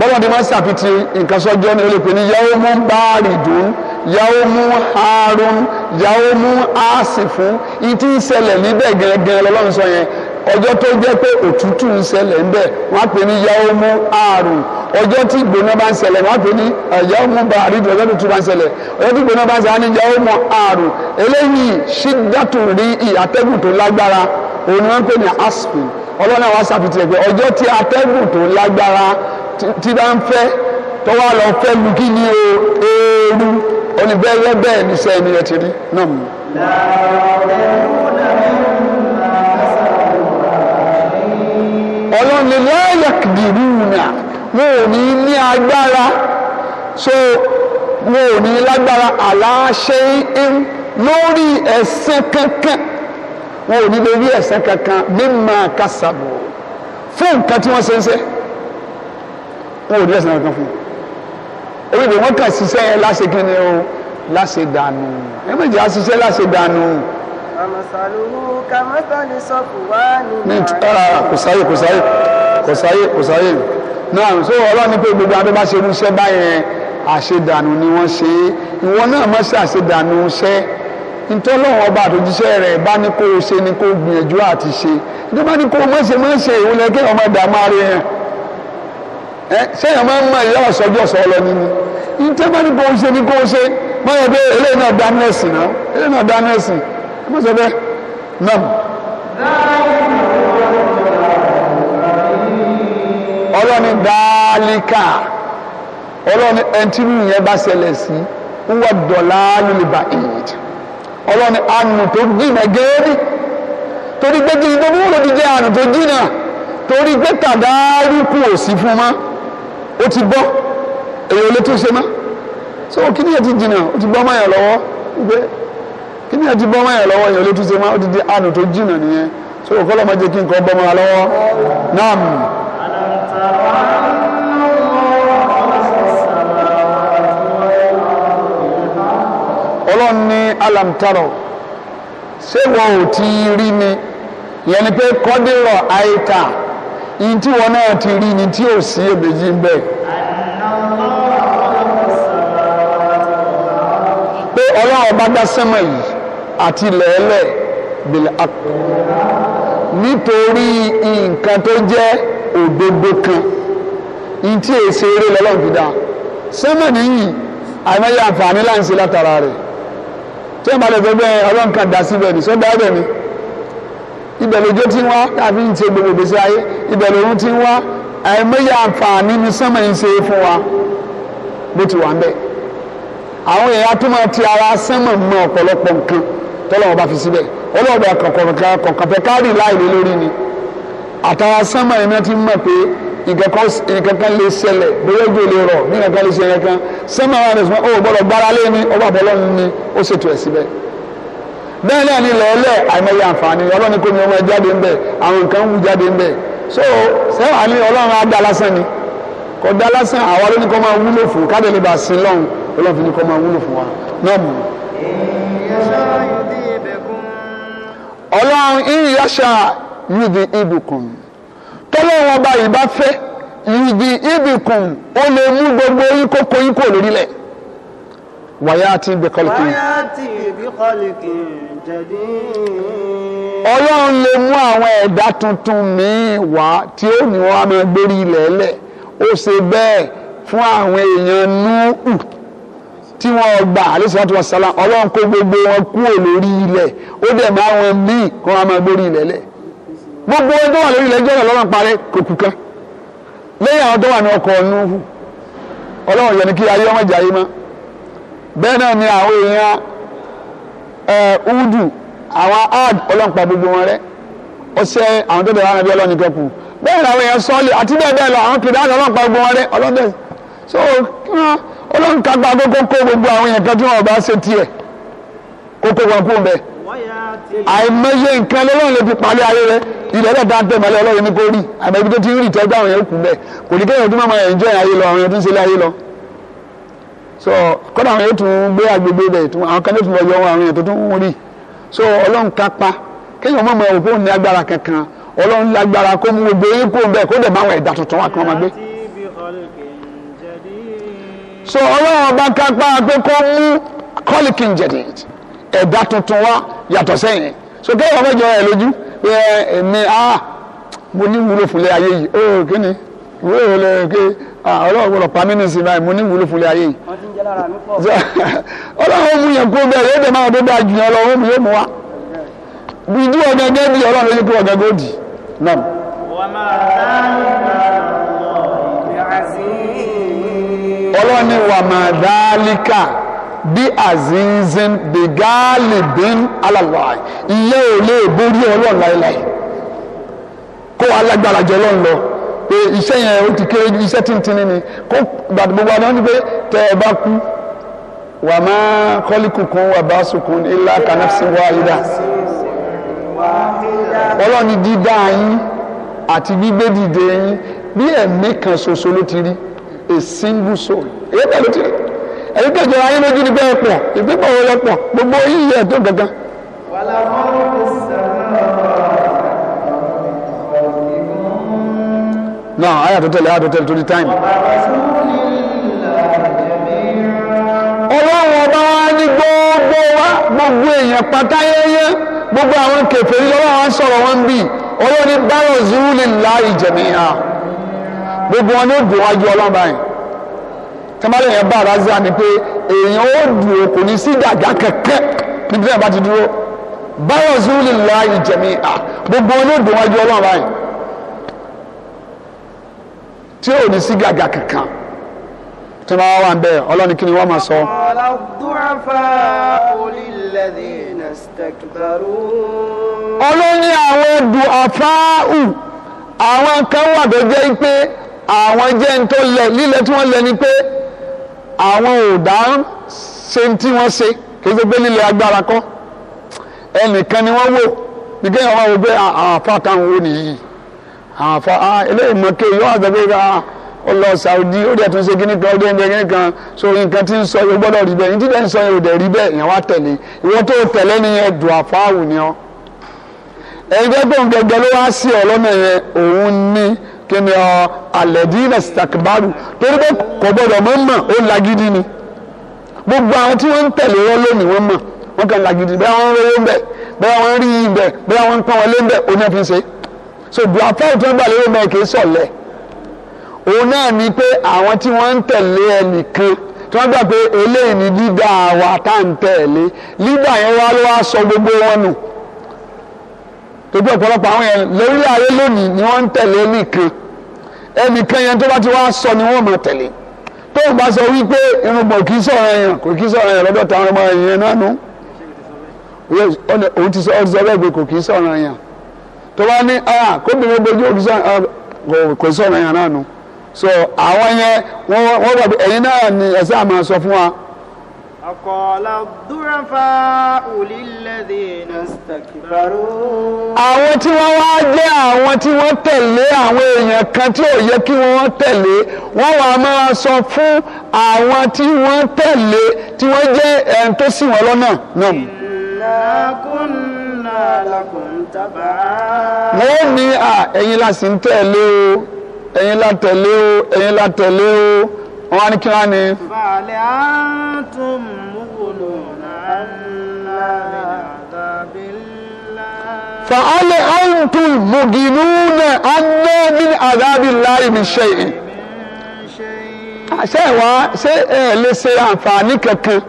Speaker 1: bọ́lá ni wọ́n ṣàfitì nǹkan sọ́jọ́ ni ó lè pè ní yawmu báàrìdùn yawmu harun yawmu àsìfún ìtì ń ṣẹlẹ̀ níbẹ̀ gẹ́gẹ́ lọ́lọ́run sọ yẹn ọjọ́ tó jẹ́ pé òtútù ń ṣẹlẹ̀ ń bẹ̀ wọ́n á pè ní yawmu harun ọjọ́ tí gbóná bá ń ṣẹlẹ̀ wọ́n á pè ní yawmu báàrìdùn ọjọ́ tó tún bá ń ṣẹlẹ̀ ọjọ́ tí gbóná bá ń ṣẹlẹ̀ ní yawmu harun eléyìí ṣídàtù rí àtẹ́gùn tó lágbára òun ni ọlọ́run àwọn aṣàfihàn pé ọjọ́ tí atẹ́gùn tó lágbára ti bá ń fẹ́ tó wá lọ fẹ́ lu kí ni o ooru oníbẹ̀rẹ̀ bẹ́ẹ̀ ní sẹ́yìn rẹ̀ ti rí náà mú. ọlọ́run lè láyà kìdìrúnà wọn ò ní ní agbára so wọn ò ní lágbára àlàáṣe ń lórí ẹ̀sìn kankan wọn ò ní lè rí ẹ̀san kankan mímà kásábù fún nǹkan tí wọ́n ṣe ń ṣe wọn ò rí ẹ̀san kankan fún un olùdó wọn kàn ṣiṣẹ́ láṣẹ kí ni o láṣẹ dànù ẹ méjì á ṣiṣẹ́ láṣẹ dànù.
Speaker 3: àmọ̀sàlùwù kàmọ́tàlì sọ kù wá ní.
Speaker 1: Ah, kò sáyé kò sáyé kò sáyé kò sáyé náà so ọlọ́run ní pé gbogbo abẹ́ bá ṣe irú iṣẹ́ báyẹn àṣedànù ni wọ́n ṣe é ìwọ náà má ṣe àṣedànù iṣẹ́ ntọ́lọ́wọ́ ọba àtòjíṣẹ́ rẹ̀ bá ní kó o ṣe ni kó o gbìyànjú àti ṣe tó bá ní kó o mọ̀ṣe mọ̀ṣe ìwọlé kéèyàn máa dààmú ara yẹn ẹ sẹ́yìn máa ń mọ ìyá ọ̀sọ́jú ọ̀sọ́ lọ nínú ntẹ́ bá ní kó o ṣe ni kó o ṣe báyọ̀ pé eléyìí náà dá nẹ́ẹ̀sì náà eléyìí náà dá nẹ́ẹ̀sì ẹ má sọ bẹ́ẹ̀ nam. ọlọ́ni dáálíkà ọlọ́ni ẹntì ọlọ́ni àánú tó jìnà géèdì torí pé kí n tó múlò ti jẹ́ àánú tó jìnà torí pé tàdáàrúkú ò sí fún ma ó ti bọ́ èyí ò lè tún ṣe mọ́ so kí ni yẹn ti jìnà ó ti bọ́ mọ́ yẹn lọ́wọ́ pé kí ni yẹn ti bọ́ mọ́ yẹn lọ́wọ́ èyí ò lè tún ṣe mọ́ ó ti di àánú tó jìnà nìyẹn so kọ́lọ́mọdé kí n kọ́ bọ́ mọ́ lọ́wọ́ náà. ọlọ́run ní alamtaro ṣé wọn ò ti rí ni ìyẹn ni pé kọ́dírọ̀ àìkà ní tí wọn náà ti rí ni tí ò sí èbèjì ń bẹ. pé ọlọ́run ọba dá sẹ́mọ̀ yìí àti lẹ́ẹ̀lẹ̀ bìlẹ̀ àpò nítorí nǹkan tó jẹ́ òdodo kan ní tí èsè eré lọ́lọ́run sẹ́mọ̀ nìyí àìmọye àǹfààní láǹṣe látara rẹ̀ tí wọ́n bá lọ gbẹgbẹ́ ọlọ́run kan dá síbẹ̀ ní sọ́dọ̀ ọ̀dọ̀ ni ibẹ̀ lójó ti ń wá tàbí ń ṣe gbogbo ìgbésí ayé ibẹ̀ lòun ti ń wá àìmọye àǹfààní ni sánmọ̀ ń ṣe fún wa bó ti wà ń bẹ̀ àwọn èèyàn tó máa ti ara sánmọ̀ mọ ọ̀pọ̀lọpọ̀ nǹkan tọ́lọ́wọ́n bá fi síbẹ̀ ọlọ́wọ́n bá kọ̀ọ̀kan kọ̀ọ̀kan fẹ́ káàdì láìlé lórí ni àtàrà sánmọ̀ ti mọ̀ pé nǹkankan lè ṣẹlẹ̀ bóyá ojú lè rọ̀ ní nǹkankan lè ṣẹlẹ̀ kan sẹ́mi àwọn àdùsùn ó gbọ́dọ̀ gbára lé ní ọba àbọ̀lọ́run ni ó ṣètò ẹ̀ síbẹ̀ bẹ́ẹ̀ náà ni lọ́ọ́lẹ̀ àìmọye àǹfààní ọlọ́run kò ní ọmọ jáde ń bẹ̀ àwọn nǹkan ń wú jáde ń bẹ̀ so sẹ́wà ni ọlọ́run á dá lásán ni kò dá lásán àwa ló ní kó máa wúlò fún káde lè bá sin lọ́run ọlọ́run fi ní kó máa wúlò fún wa náà mú. ọlọ́run ìyáṣà yìí di ibùkún tọ́lọ́wọ́n bá yìí bá fẹ́ ìdí ibìkùn ó lè mú gbogbo yín kó kó yín kó lórílẹ̀ wàyà àti ìbíkọ́lìkì. wàyà
Speaker 2: àti ìbíkọ́lìkì jẹ̀dí.
Speaker 1: ọlọ́run lè mú àwọn ẹ̀dá tuntun míì wá tí ó ní wọn á máa gbórí ilẹ̀ lẹ̀ ó ṣe bẹ́ẹ̀ fún àwọn èèyàn núù tí wọ́n gbà àlẹ́sọ̀rọ̀ tí wọ́n sálá ọlọ́run kó gbogbo wọn kúrò lórí ilẹ̀ ó dẹ̀ máa wọn míì kó wọn máa gbórí ilẹ̀ lẹ̀ gbogbo ẹni tó wà lórí ilẹ̀ jẹ́rẹ̀ lọ́rùn parẹ́ kò kú kan lẹ́yìn àwọn tó wà ní ọkọ̀ Nuhu ọlọ́run yẹn ni kí ayé wọn jàyé mọ́ bẹ́ẹ̀ náà ni àwọn èèyàn ẹ̀ udu àwọn ad ọlọ́run pa gbogbo wọn rẹ́ ó ṣe àwọn tó bẹ̀rẹ̀ wọn bí ọlọ́run nìkan kù bẹ́ẹ̀ ni àwọn èèyàn sọ́ọ̀lì àti bẹ́ẹ̀ bẹ́ẹ̀ lọ àwọn kìlá ọlọ́run pa gbogbo wọn rẹ́ ọlọ́run bẹ́ẹ̀ so ọlọ́run kagbá kókó kó gbogbo àwọn èèyàn kan tí wọn ò bá ṣe tiẹ̀ kókó wọn kú bẹ́ẹ̀. wọ́n yà àìmọye nǹkan lọ́lọ́run lè fi parí ayé rẹ ilẹ̀ ẹ̀rọ bá ń tẹ̀ mọ́lẹ́ ọlọ́run ní kó rí àmọ́ ibi tó ti ń rí ìtẹ́gbà àwọn yẹn kù bẹ́ẹ̀ kò ní kéèyàn tó máa máa enjoy ayé lọ àwọn yẹn tó ń ṣe lọ. so kọ́dà àwọn yẹn tún gbé agbègbè bẹ̀ àwọn kan ló tún lọ yọ àwọn yẹn tó tún ń rí so ọlọ́run kápá kéèyàn mọ̀ mọ́ òkú ní agbára kankan ọlọ́run lágbára kó mú gbogbo yín kó bẹ́ẹ̀ kó dẹ̀ máa wọ̀ ẹ̀dá gbé. so ọlọ́run ọba kápá pé kó mú kọ́lìkì jẹ̀dẹ̀dẹ̀ ẹ̀dá tuntun wá yàtọ̀ sẹ́yìn so kẹ́yìn ọmọ ìjọba ẹ̀ lójú ẹ ẹ̀mí a mo ní wúlò fúnlẹ̀ ayé yìí ó oh, kí ni wúlò fúnlẹ̀ ké ah, ọlọ́run gbọ́dọ̀ pa mí nísìnyí báyìí mo ní wúlò fúnlẹ̀ ayé yìí ọlọ́run mú yẹn kó bẹ́ẹ̀ yóò dẹ̀ máa tó dáa jù yẹn lọ ó mú yóò mú wa ìdí ọ̀gá gẹ́gẹ́ bí ọlọ́run lójú kó ọ̀gá gòdì náà. ọlọ́run ni wàmàdálíkà bí azizin begaali bin alalai ilé ò lè borí ọlọ́run láéláé kó alágbára jọ ọlọ́run lọ pé iṣẹ́ yẹn ó ti kéré iṣẹ́ tìǹtìǹ ni kó gbàdúgbò wa náà ni pé tẹ ẹ bá kú wà má kọ́líkùkùn wà bá sùkùn ilá kanáfsì wá ìdá ọlọ́run ni dídá yín àti gbígbé dìde yín bí ẹ̀mí kan ṣoṣo ló ti rí a single soul èyí pẹ̀lú ti rí èyí tó jọra yín lójú ni bẹ́ẹ̀ pọ̀ ìgbébọ̀ wo lọ pọ̀ gbogbo yín tó gangan. wàlá mọ́rù ti sàmà náà àyà tẹ̀lé àyà tẹ̀lé torí táìmù. ọlọ́run ọba wa ní gbogbo wa gbogbo èèyàn pátá gbogbo àwọn kèfèrí lọ́wọ́ àwọn sọ̀rọ̀ wọn bí ọlọ́run ní báyọ̀ zúlì láì jẹ̀míhà gbogbo wọn ní ògùn wájú ọlọ́run báyìí tẹmọlẹ yẹn bá razia ni pé èèyàn ó dúró kò ní sí gàgà kẹkẹ níbi náà bá ti dúró báyọ̀ zúlì láàyè jẹ̀mí à gbogbo olóògbé wọn jọ ọlọ́run báyìí tí ò ní sí gàgà kankan tí wọ́n wà ń bẹ̀ ọlọ́run kí ni wọ́n máa sọ. olóyìn àwọn dùn àfáàhù àwọn kan wà tó jẹ́ pé àwọn jẹ́ ń tó lẹ̀ lílẹ̀ tí wọ́n lẹ̀ ni pé àwọn òdà ń ṣe tí wọ́n ṣe kí ló gbé nílé agbára kọ́ ẹnìkan ni wọ́n wò ní kí wọ́n wò pé ah, àwọn afa kan wò nìyí àwọn afa ah, eléyìí mọ̀ kí yóò àgbẹ̀ bẹ́ẹ̀ bá ọlọ Saudi ó dẹ̀ tún ṣe kíní kan ó dẹ̀ ń bẹ kíní kan so nǹkan tí ń sọ yóò gbọ́dọ̀ rí bẹ́ẹ̀ ní tí dẹ̀ ń sọ yóò dẹ̀ rí bẹ́ẹ̀ ìyẹn wá tẹ̀lé ìwọ tó tẹ̀lé nìyẹn dùn àfáàwù ni ọ ẹgbẹ́ gbọ̀ngàn gẹ́gẹ́ ló wá sí ọ lọ́nà yẹn òun ní kí ni ọ alẹ́dínà stakbaru torí pé kò gbọdọ̀ mọ́ mọ̀ ó lagidi ni gbogbo àwọn tí wọ́n ń tẹ̀lé wọn lónìí wọ́n mọ̀ wọ́n kàn lagidi bẹ́ẹ̀ wọ́n ń rówó bẹ́ẹ̀ bẹ́ẹ̀ wọ́n ń rí yìí bẹ́ẹ̀ bẹ́ẹ̀ wọ́n ń pọ́n wọlé bẹ́ẹ̀ oní ẹ̀fín ṣe so buhari tí wọ́n gbà lérò bẹ́ẹ̀ kì í sọ̀lẹ̀ òun náà ni pé àwọn tí wọ́n ń tẹ̀lé ẹnìkan tí wọ́n gbà pé eléyìí ni dídá wa tá à ń tẹ̀lé lídà yẹn wá ló wá sọ gbogbo wọn nù tóbi ọ̀pọ̀lọpọ̀ àwọn yẹn lórílẹ̀ ayé lónìí ni wọ́n ń tẹ̀lé nìkan ẹnìkan yẹn tó bá ti wá sọ ni wọ́n máa tẹ̀lé tó o bá sọ wípé irungbọ̀n kì í sọ̀rọ̀ yẹn kò kì í sọ̀rọ̀ yẹn lọ́dọ̀ táwọn ọmọ yẹn náà nù òun ti sọ bẹ́ẹ̀ pé kò kì í sọ̀rọ̀ yẹn tó bá ní ah, kóbìnrin gbojú ah, kò sọ̀rọ̀ yẹn náà so àwọn yẹn wọ́n gbàgbé ni ẹ̀sẹ̀ àmà sọ
Speaker 2: أقال الضعفاء للذين استكبروا
Speaker 1: àwọn tí wọ́n wá jẹ́ àwọn tí wọ́n tẹ̀lé àwọn èèyàn kan tí ò yẹ kí wọ́n tẹ̀lé wọ́n wá máa sọ fún àwọn tí wọ́n tẹ̀lé tí wọ́n jẹ́ ẹ̀ń tó ṣì wọ́n lọ́nà náà.
Speaker 2: ìlàkùnà làkùn
Speaker 1: tábà. wọ́n ní ẹ̀yin la ń tẹ̀lé o ẹ̀yin la tẹ̀lé o ẹ̀yin la tẹ̀lé o wọ́n wá ní kí wọ́n ní.
Speaker 2: bàálẹ̀ á tún mú wòlò náà ńlá tàbí ńlá.
Speaker 1: fàálẹ̀ á tún mọ̀gìnú náà á ná ní àdábì láì ṣe é. ṣé ìwà ṣé ẹ lè ṣe àǹfààní kankan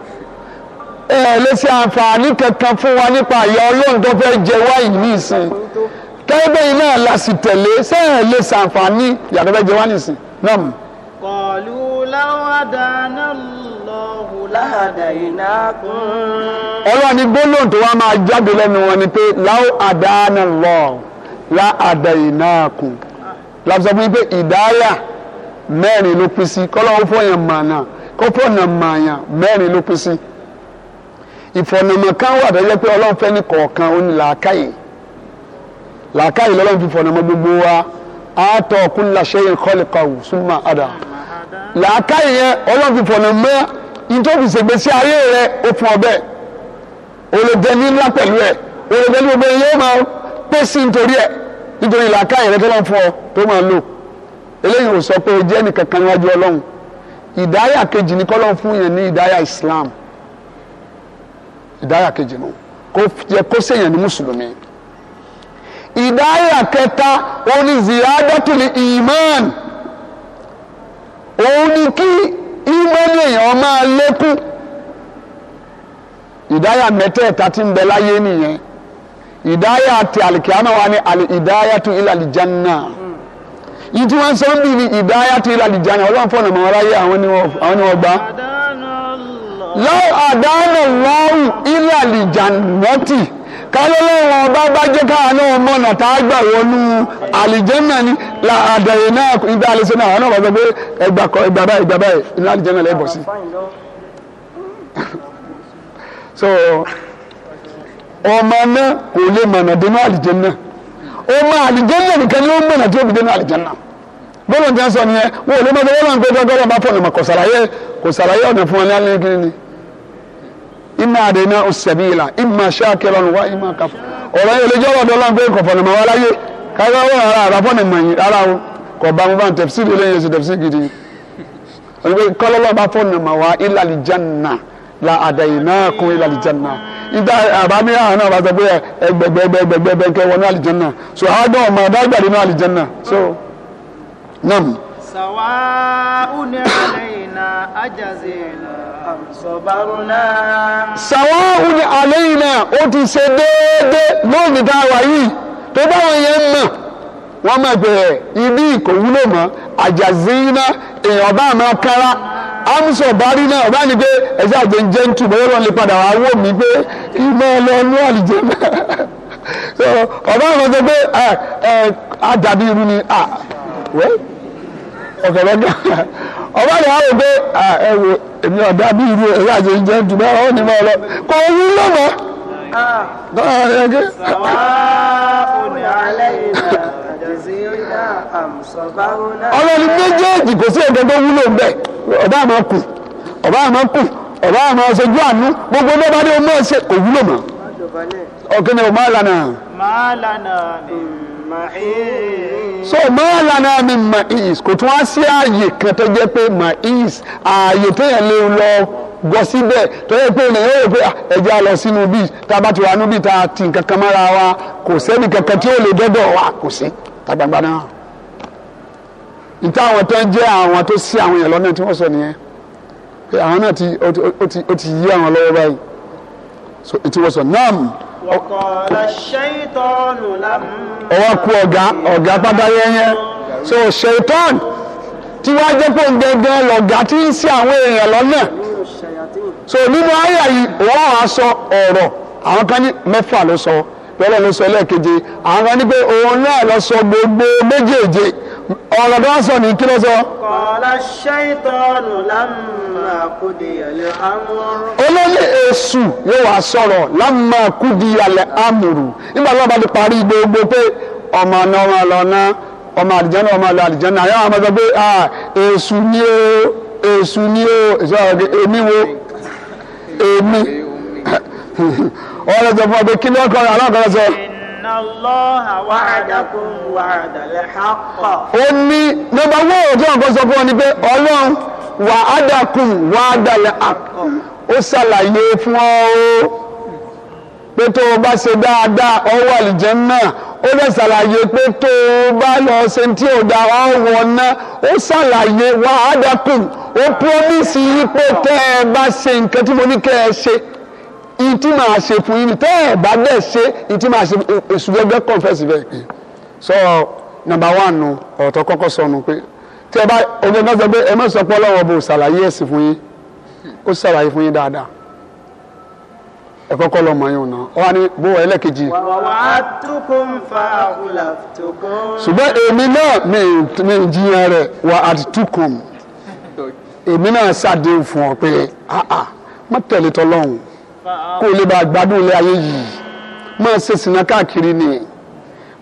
Speaker 1: ẹ lè ṣe àǹfààní kankan fún wa nípa àyà ọlọ́run tó fẹ́ jẹ wáyé nísìnyí kẹ́gbẹ́ iná la sì tẹ̀lé ṣé ẹ lè ṣàǹfààní yàtọ̀ fẹ́ jẹ wáyé nísìnyí náà kọlu
Speaker 2: láwàdánà lọ́hùn láàdàínàkùn.
Speaker 1: ọlọ́run ní gbólóhùn tó wá máa jáde lẹ́nu wọn ni pé láwàdánà lọ́hùn láàdàínàkùn. làbùsọ̀ fún mi pé ìdáyà mẹ́rin ló pín sí kọ́lọ́hún fọyàn mànà kọ́fọ̀nà màyàn mẹ́rin ló pín sí. ìfọ̀nàmọ̀ kan wà tó yẹ pé ọlọ́run fẹ́ ní kọ̀ọ̀kan ó ní làákàyè làákàyè lọ́lọ́run fi fọ̀nàmọ̀ gbogbo wa àtọ̀ kúnlá ṣẹ́yìn kọ́lìkọ̀wù súnmọ́ àdá. làákàyè yẹn ọlọ́run fọ̀nà mọ́ nítorí ṣègbésí ayé rẹ ó fún ọ bẹ́ẹ̀ olùjẹ nílá pẹ̀lú ẹ̀ olùjẹ ní gbogbo yẹn máa pé sí nítorí ẹ̀ nítorí làákàyè rẹ tó lọ́n fún ọ tó máa lò eléyìí ò sọ pé o jẹ́ nìkankan níwájú ọlọ́run ìdáyà kejì ni kọ́lọ́n fún yẹn ní ìdáyà Islam ìdáyà kejì nù kó jẹ kó sèyàn ní mùsùlùmí ìdáyà kẹta òun ni ziyadatul iman òun ni kí ìmọ̀ni èèyàn máa lékún ìdáyà mẹ́tẹ̀ẹ̀ta tí ń bẹ láyé nìyẹn ìdáyà ti àlìkíyàmá wa ni ìdáyà tu ilà àlìjánná yìí tí wọ́n sọ ń bì ní ìdáyà tu ilà àlìjánná ọlọ́run fọ̀nà mọ́ aráyé àwọn ni wọ́n gbá. láwọn àdánù lọ́rùn ilà àlìjánnátì kálọ́lọ́wọ́ bá bá jẹ́ káàánú mọ̀nà tá a gbà wọnú àlìjẹ́nà ni àdàyè náà ibà àlejò náà àwọn náà wọ́n gbé ẹgbà kọ ẹgbà báyìí ẹgbà báyìí ilé àlìjẹ́nà lẹ́ bọ̀ sí. so ọmọ náà kò lè mọ̀nà dénú àlìjẹ́nà ọmọ àlìjẹ́nà nìkan ni ó mọ̀nà tí ó fi dénú àlìjẹ́nà bọ́lá ní sọ nìyẹn wọ́n ò lè mọ̀ iná àdéhùn ọ̀sẹ̀bìlà ìmà ṣáàkìrọ̀ wá ìmà káfọ́ ọ̀rọ̀ yẹn lè jọ́wọ́ dọ́lá pé kò fọ̀nà máa láyé káyọ̀ wọ́n ara àràfọ́nà mọ̀nyí rárá o kò bá wọn bá ń tẹ̀sí ìdílé yẹn sí tẹ̀sí gidi kọ́lọ́lọ́ bá fọ̀nà máa wá ìlàlì jánà la àdéhùn kún ìlàlì jánà ìdá àbámi àhánà bá sọ pé ẹgbẹgbẹgbẹgbẹgbẹ kẹ wọnú àlìjánà so àádọ́ ọmọ adágbàdínú àlìjánà so nam.
Speaker 2: sàwáà ù ní àlẹ́ yìí أإنا أجزينا أم
Speaker 1: ó ti ṣe déédé lónìí tá a yìí tó báwọn yẹn mọ̀ wọ́n máa bẹ̀rẹ̀ ibi kò wúlò mọ́ àjàzínà èèyàn bá máa kára bari náà ọba ni pé ẹsẹ àjẹ ń jẹ ń tù lè padà wá wò mí pé ọba rẹ̀ á rò pé ẹ wo èmi ọ̀dà bí irú ẹ̀rọ àjẹ ìjẹ́ dùbẹ́ ọ̀hún ni máa lọ kò wú lọ́mọ. Ah. ọ̀rọ̀ ni méjèèjì kò sí ẹ̀dọ́ tó wúlò bẹ́ẹ̀ ọba àmọ́ kù ọba àmọ́ kù ọba àmọ́ ṣojú àánú gbogbo ọba bá dé ọmọ ẹ̀ṣẹ̀ kò wúlò mọ́
Speaker 2: ọ̀kẹ́ni ọmọ àlànà. máa lànà nìyí
Speaker 1: so mọ́ọ̀lánà mi is kò tún wá sí ààyè kan tó jẹ́ pé ma'is ààyè téèyàn lè lọ gọ síbẹ̀ tó yẹ pé èèyàn yóò pé ẹja lọ sínú bí tá a wà níbi tá a ti nǹkan kan mọ́ra wa kò sẹ́ni kankan tí ó lè dọ́dọ̀ wa kò sí tagbangba náà níta àwọn tó ń jẹ́ àwọn tó sí àwọn èèyàn lọ́nà tí wọ́n sọ nìyẹn àwọn náà ti ti yí àwọn lọ́wọ́ báyìí so ètí wọ́n sọ náà ọwọ́ ku ọ̀gá ọ̀gá pátáyé yẹn so ṣètọ́n tí wàá jẹ́ pé gbẹngàn lọ̀gá tí ń ṣe àwọn èèyàn lọ́nà so nínú ayé yìí wọ́n á sọ ọ̀rọ̀ àwọn kan ní mẹ́fà ló sọ lọ́lọ́ ló sọ lẹ́ẹ̀keje àwọn kan ní pé òun náà lọ sọ gbogbo méjèèje ọ̀rọ̀ tó wá sọ ní kí ló sọ.
Speaker 2: kọ́lá ṣẹ́ìtọ́nù lámà amúrú.
Speaker 1: olóyè èṣù yóò wá sọ̀rọ̀ lámà amúrú nígbà tí wọ́n bá ti parí gbogbo pé ọmọ àná ọmọ àlọ́ná ọmọ àlìjẹ́nà ọmọ àlìjẹ́nà àyà wọn sọ pé èṣù ni ó èṣù ni ó èmi wo èmi ọ̀rọ̀ sọ fún ọ pé kí ló kọ́ ọ alákọ̀ọ́ ó ní nígbà wo òjò nǹkan sọ fún ọ ni pé ọlọ́run wà á dàkùn wà á dàlẹ̀ ó ṣàlàyé fún ọ o pé tó o bá ṣe dáadáa ọ wà lìjẹ́ náà ó lè ṣàlàyé pé tó o bá lọ ṣe tí O dá ọ wọ̀ náà ó ṣàlàyé wà ó promise yí pé tẹ́ ẹ bá ṣe nǹkan tí mo ní kẹ́ ẹ ṣe ìtì máa ṣe fún yín tẹ́ ẹ̀ bá dẹ̀ ṣe ìtì máa ṣe èṣù gbẹgbẹ́ confess bẹ́ẹ̀ pé sọ nàmbà wà nù ọ̀tọ̀ kọ́kọ́ sọnù pé tí ẹ bá ọgbẹ́ náà sọ pé ẹ má sọ pé ọlọ́wọ́ bò ṣàlàyé ẹ̀sìn fún yín ó ṣàlàyé fún yín dáadáa ẹ kọ́kọ́ lọ mọ̀ yín ọ̀nà ọ wá ní bó wọ ẹlẹ́kejì. ṣùgbọ́n èmi náà mi jiyàn rẹ̀ wà á tukùn èmi náà ṣàdéhùn fún ọ pé ah, ah, má tẹ̀lé tọ́lọ́hùn kó o lè bá gbádùn ilé ayé yìí máa ṣe sìnà káàkiri ni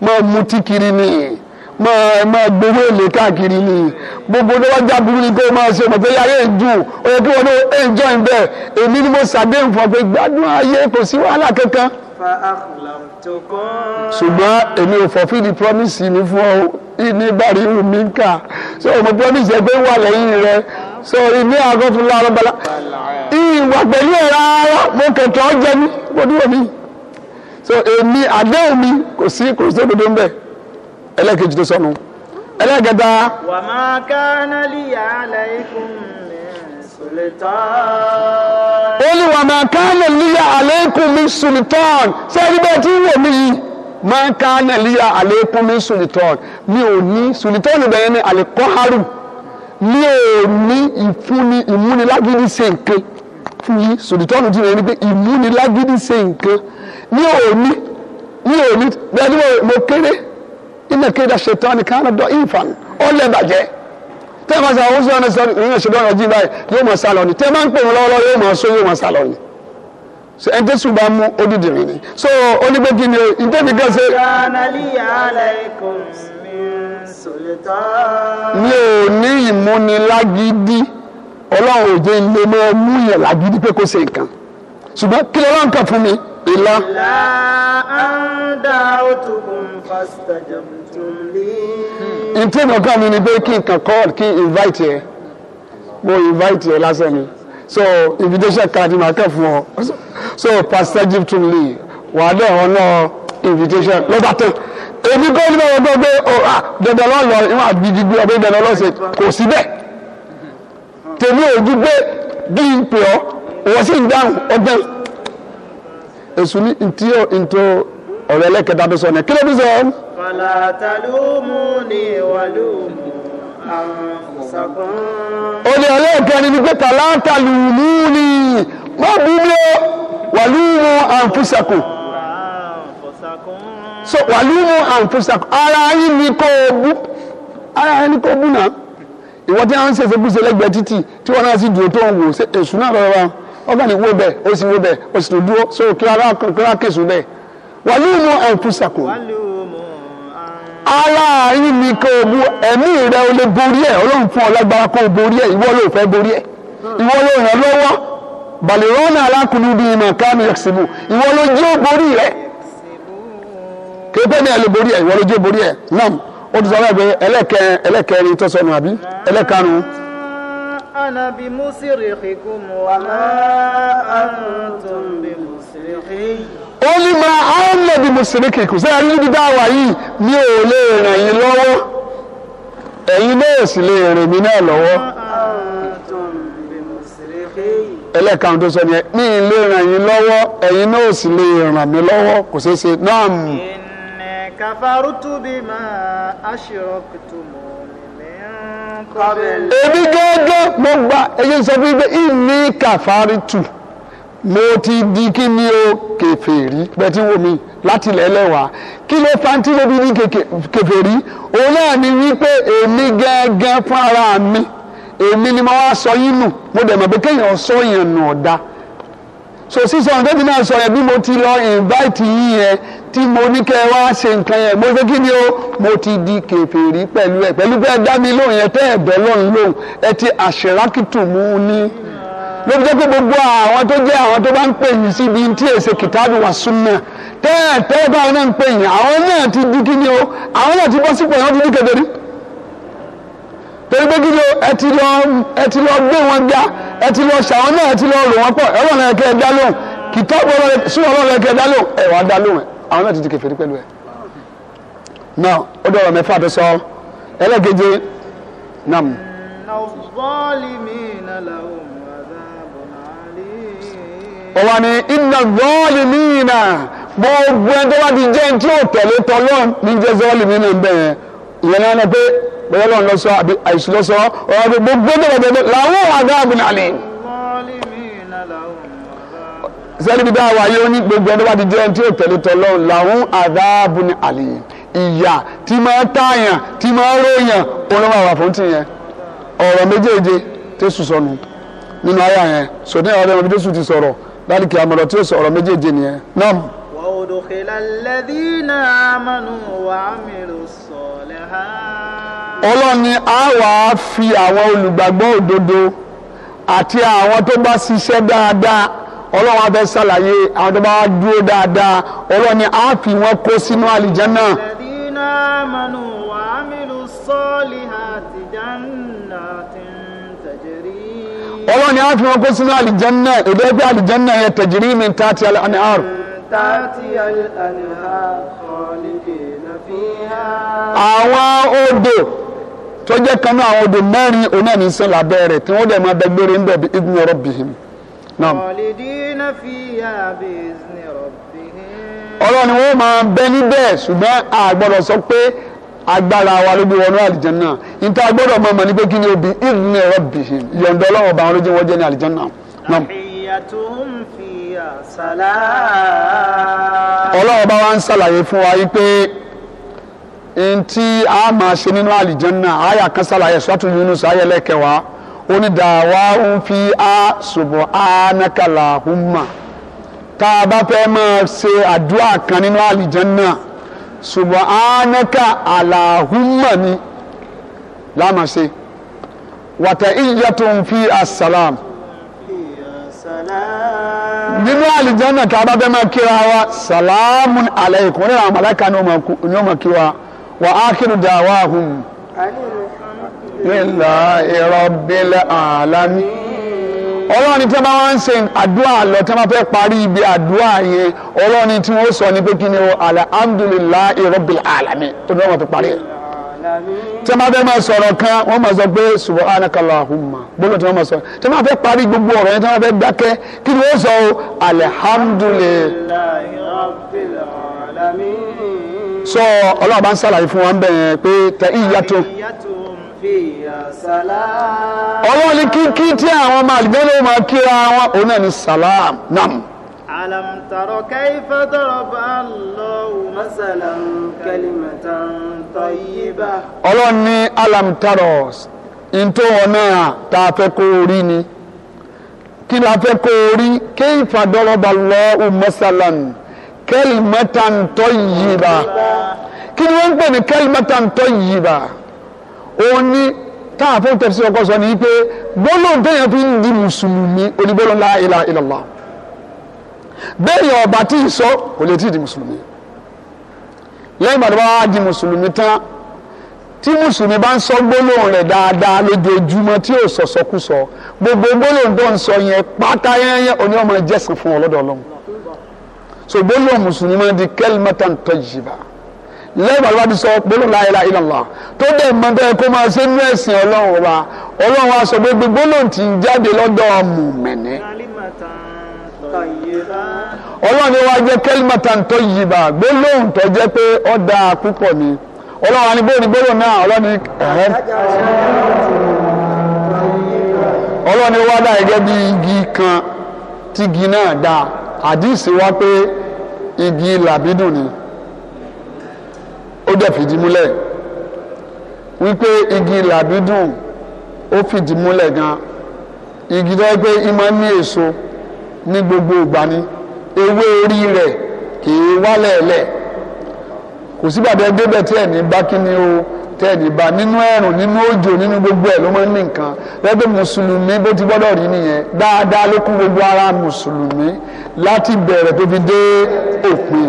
Speaker 1: máa mutí kiri ni máa máa gbowó èlé káàkiri ni gbogbo ní wọn já burú ni kó o máa ṣe mọ̀tẹ́ ilé ayé dùn o yẹ kí wọn náà ẹ̀ ń jọ ẹ̀ bẹ́ẹ̀ èmi ni mo ṣàdéhùn fún ọ pé gbádùn ayé kò sí wàhálà kankan. ṣùgbọ́n èmi ò fọ́fíìlì promise mi fún ọ ní bàrí mi ń kà so mo promise ẹ pé wà lẹ́yìn rẹ sọ̀rọ̀ ìmí àgọ́ fún lára bala ìwà pẹ̀lú ẹ̀ rárá mo kẹ̀tọ́ jẹ mí kò dúró mi so èmi àdéhùn mi kò sí kò sí òdodo ńbẹ ẹlẹ́kejì tó sọnù ẹlẹ́kẹta.
Speaker 2: wà á máa ká nálìyà mi sultan.
Speaker 1: ó ní wà máa ká nálìyà aláìkún mi sultan ṣé ẹni bẹ́ẹ̀ tí ń wò mí yìí máa ká nálìyà aláìkún mi sultan mi ò ní sultan ìbẹ̀rẹ̀ ní alikọ́harù mi ò ní ìfúnni ìmúnilágídí ṣe nǹkan fún yín sòdìtọ́nù tí mo ní pé ìmúnilágídí ṣe nǹkan mi ò ní mi ò ní bẹ́ẹ̀ni mo kéré iná kéré da ṣètò ànìkan dọ̀ ìfàn ó lè bàjẹ́ tẹ́ ẹ máa ṣe àwọn oṣù ọ̀nà sọ́ni ìyẹn ṣètò ọ̀nà jí báyìí yóò mọ̀ sálọ ni tẹ́ ẹ máa ń pè wọ́n lọ́wọ́ yóò mọ̀ sọ yóò mọ̀ sálọ ni so ẹni tẹ́sùn bá mú odidi mi ni so onígbẹ́kí ni o ìdẹ́bi gẹ́sẹ̀
Speaker 2: mi ò ní
Speaker 1: ìmúnilágídí ọlọ́run ò jẹ́ ilé mọ́ mú yẹn lágídí pé kó ṣe nǹkan ṣùgbọ́n kí ló ń kàn fún mi ìlà.
Speaker 3: ìlà àǹdà òtùkùn fásitàjàmùtùm
Speaker 1: lé. ìtẹ́nu ọ̀gá mi ni pé kí n kàn call kí n invite yẹ mo invite yẹ lásán ni so invitation card máa kàn fún ọ so pastor jim tún lè wàá dẹ̀ ọ náà invitation ló bá tán èmi kọ́ ní báwọn gbọ́ pé oh, ah, dandan lọ́lọ́ ìwọ̀n àgbìdìgbò ọ̀bẹ dandan lọ́sẹ̀ kò sí bẹ́ẹ̀ tèmi ò ju bí n pè ọ́ wọ́n sì ń dáhùn ọgbẹ́ èsù ní ntí ntó ọ̀rọ̀ ẹlẹ́kẹta tó sọ ní kí sọ.
Speaker 2: fàlà tàlùmù ni wàlùmù àǹsàkùn.
Speaker 1: ó ní ẹlẹ́kẹrin ni pé tàlà tàlùmù ni má bú mi ó wàlùmù àǹfùsàkùn so wàlúù àǹfọ̀sà ara yín ni kò bú ara yín ni kò bú náà ìwọ tí wọn ń ṣèṣe búṣe lẹ́gbẹ̀ẹ́ títì tí wọn náà sì dúró tó ń wò ṣe èṣù náà lọ́wọ́ ọgbà ní wo bẹ́ẹ̀ ó sì wo bẹ́ẹ̀ ó sì tó dúró so kílára kílára kẹsù bẹ́ẹ̀ wàlúù àǹfọ̀sà kò ara yín ni kò bú ẹ̀mí rẹ o lè borí ẹ̀ ọlọ́run fún ọ lágbára kó o borí ẹ̀ ìwọ ló fẹ́ borí ẹ̀ ìwọ ló ràn lọ́wọ́ bàlẹ̀ rọ́nà alákùnrin bíi màkánù yẹ̀sìmù ìwọ ló jẹ́ borí rẹ̀ kéèpé ní ẹlò borí ẹ ìwọ lójú borí ẹ nam ó ti sọ fún ẹ pé ẹlẹ́kẹ ẹlẹ́kẹrin tó sọnù àbí ẹlẹ́karùn-ún.
Speaker 2: ana bi musirikhikum wa ma antum bi musirikhi.
Speaker 1: ó ní ma ana bi musirikhikum sẹ́yà níbi dáwà yìí mi ò lè ràn yín lọ́wọ́ ẹ̀yin náà sì lè ràn mí náà lọ́wọ́. ẹlẹ́karùn-ún tó sọ ni ẹ mi ì lè ràn yín lọ́wọ́ ẹ̀yin náà sì lè ràn mí lọ́wọ́ kò ṣeé ṣe náà mú
Speaker 2: kafarutu bima ashraktumun
Speaker 1: min qabl. èmi gángan mo gba ẹyẹ sọ fún mi pé ìní kàfárítù mo ti di kí ni o kèfèrí pẹ̀tí wo mi láti lẹ́lẹ́wà kí ló fáńtì lóbi ní kèfèrí òun náà ni wípé èmi gángan fún ara mi èmi ni mo wá sọ yín nù mo dẹ̀ mọ̀ pé kéèyàn sọ yẹn nù ọ̀dà so sísọ ọ̀dẹ́bí náà sọ yẹn bí mo ti lọ invite yín yẹn tí mo ní kẹ́ ẹ wá ṣe nǹkan yẹn mo ṣe kí ni o mo ti di kèfèrí pẹ̀lú ẹ pẹ̀lú bẹ́ẹ̀ dá mi lóhùn yẹn tẹ́ ẹ bẹ́ lọ́run lóhùn ẹ ti àṣírákìtù mú un ní. ló fi jẹ́ pé gbogbo àwọn tó jẹ́ àwọn tó bá ń pè yín síbi tí èsè kìtàbù wà súnmọ́ tẹ́ ẹ tẹ́ ẹ báwọn náà ń pè yín àwọn náà ti di kí ni o àwọn náà ti bọ́ sípò yẹn wọ́n ti di kèfèrí torí pé kí ni o ẹ ti lọ ẹ ti lọ gbé wọn ga ẹ ti lọ ṣàwọn àwọn náà ti di kèfèrí pẹ̀lú ẹ̀ náà ó dọ̀rọ̀ mẹ́fà tó sọ ẹlẹ́gẹ̀dẹ̀ nam. ọ̀wà ni iná bọ́ọ̀lì mìíràn gbogbo ẹni tó bá ti jẹ́ ní tí yóò tẹ̀lé tọ́lọ́ ní jẹ́ bọ́ọ̀lì mìíràn ń bẹ̀ yẹn ìyẹn náà pé bẹ́ẹ̀ lọ́n lọ́sọ àbí àìsí lọ́sọ ọ̀rọ̀ gbogbo ẹni tó bá ti jẹ́ láwọn àdáàbò nàlẹ́ sẹ́ni bíbá wa ó ní gbogbo ẹni wá ti jẹ́ ẹni tí ò tẹ̀lé tọ́lọ́run làwọn àdáàbò ní àlè ìyà tí máa tààyàn tí máa ròyàn olówó àwọn àfọ̀ntì yẹn ọ̀rọ̀ méjèèje tẹ́sù sọnù nínú ayé yẹn sọdún ẹ̀rọ ẹ̀rọ tẹ́sù ti sọ̀rọ̀ láìkí àmọ̀rọ̀ tí sọ ọ̀rọ̀ méjèèje nìyẹn náà. ọlọ́run ni a wà á fi àwọn olùgbàgbọ́ òdodo àti àwọn tó bá ṣiṣẹ́ dáadáa ọlọ́run abẹ́ sàlàyé àwọn tó bá dúró dáadáa ọlọ́run ni a fi wọ́n kó sínú àlìjánná.
Speaker 2: alladhina amanu wa amilu salihati jannatin tajri.
Speaker 1: ọlọ́run ni a fi wọ́n kó sínú àlìjánná èdè ẹgbẹ́ àlìjánná yẹn tajri min tati al-anhar.
Speaker 2: tati al-anhar khalidina fiha.
Speaker 1: àwọn odò tó jẹ́ kanú àwọn odò mẹ́rin onáà ní sẹ́ńlá bẹ́ẹ̀ rẹ̀ tí wọ́n dẹ̀ máa bẹ gbére ń bẹ̀ bí ibùdó rọ̀ bìhìn. نعم
Speaker 2: خالدين فيها بإذن ربهم
Speaker 1: ọlọ́ni wọ́n máa bẹ́ níbẹ̀ ṣùgbọ́n a gbọ́dọ̀ sọ pé agbára wa ló gbé wọnú àlìjánná níta gbọ́dọ̀ mọ̀ mọ̀ ní pé kí ni obì ìrìn ẹ̀rọ bì í yọ̀ǹda ọlọ́run ọba àwọn ló jẹ́ ní àlìjánná. ọlọ́run bá wa ń ṣàlàyé fún wa yìí pé n a máa ṣe nínú àlìjánná àyà kan ṣàlàyé sọ́tún Yunus ayẹlẹ́kẹ̀wàá ó ní dàwa ń fi á ṣùgbọ́n á nàkàlà húmà tá a bá fẹ́ máa ṣe àdúrà kan nínú àlìjánná ṣùgbọ́n á nàkà àlàhúmà ni láàmà ṣe wàtà ìyá tó ń fi àṣàlám nínú àlìjánná tá a bá fẹ́ máa kíra wa sàlámù aláìkùn ní àwọn màláíkà ni ó máa kí wa wà á kírun dàwa hùm lillahi rabbil alamin ọlọ́run ni tí wọ́n bá wá ń ṣe àdúrà lọ tí wọ́n fẹ́ parí ibi àdúrà yẹn ọlọ́run ni tí wọ́n sọ ni pé kí ni o alhamdulillahi rabbil alamin tó ní wọ́n fi parí ẹ̀ tí wọ́n bá fẹ́ máa sọ̀rọ̀ kan wọ́n máa sọ pé subhanakallahumma gbọ́dọ̀ tí wọ́n máa sọ tí wọ́n bá fẹ́ parí gbogbo ọ̀rọ̀ yẹn tí wọ́n fẹ́ dákẹ́ kí ni wọ́n sọ o rabbil alamin. sọ ọlọ́run bá ń sàlàyé fún wa ń bẹ̀yẹn pé tẹ ìyàtọ̀ ọlọ́run ní kíkí tí àwọn ọmọ àlùbẹ́lẹ̀ máa kíra wọn òun náà ní salam nam.
Speaker 2: alam tara kayfa daraba Allahu masalan kalimatan tayyiba.
Speaker 1: ọlọ́run ní alam tara ntòwọ̀n náà tá fẹ́ kó orí ni kí la fẹ́ kó orí kayfa daraba Allahu masalan kalimatan tayyiba kí ni wọ́n ń pè ní kalimatan tayyiba òun ní táàfó tẹ̀sí ọkọ sọ ni pé gbólóhùn téèyàn fi ń di mùsùlùmí onígbólóhùn la ilaha illallah bẹ́ẹ̀ yọ ọba tí ì sọ kò lè tí di mùsùlùmí lẹ́yìn ìgbà tó bá wá di mùsùlùmí tán tí mùsùlùmí bá ń sọ gbólóhùn rẹ̀ dáadáa lójoojúmọ́ tí yóò sọ̀sọ́kùsọ gbogbo gbólóhùn tó ń sọ yẹn pátá yẹn oní ọmọ jẹ́sìn fún ọlọ́dọ̀ ọlọ́run so gbólóhùn mùsùlùmí máa di kalimatan tayyiba lẹ́yìn àlọ́ àti sọ gbólóhùn la ilaha illallah tó dẹ̀ mọ bẹ́ẹ̀ kó máa ṣe ní ẹ̀sìn ọlọ́run ọba ọlọ́run wa sọ pé gbólóhùn ti jáde lọ́dọ̀ mùmẹ̀ní. ọlọ́run ni wàá jẹ́ kalimatan tayyiba gbólóhùn tó jẹ́ pé ó dáa púpọ̀ ni ọlọ́run àni bóyá ni gbólóhùn náà ọlọ́run ni ọlọ́run ni wàá dà gẹ́gẹ́ bí igi kan tígi náà dáa àdìsí wa pé igi làbídùn ni ó dẹ̀ fìdí múlẹ̀ wípé igi làbídùn ó fìdí múlẹ̀ gan igi tó yẹ pé ìmọ̀ ní èso ní gbogbo ìgbà ni ewé orí rẹ̀ kìí wálẹ̀ lẹ̀ kò sígbà tó débẹ̀ tí ẹ̀ ní bá o tẹ́ẹ̀dì bá nínú ẹ̀rùn nínú òjò nínú gbogbo ẹ̀ ló máa ń ní nǹkan lẹ́gbẹ̀ẹ́ mùsùlùmí bó ti gbọ́dọ̀ rí nìyẹn dáadáa ló kún gbogbo ara mùsùlùmí láti bẹ̀rẹ̀ tó fi dé òpin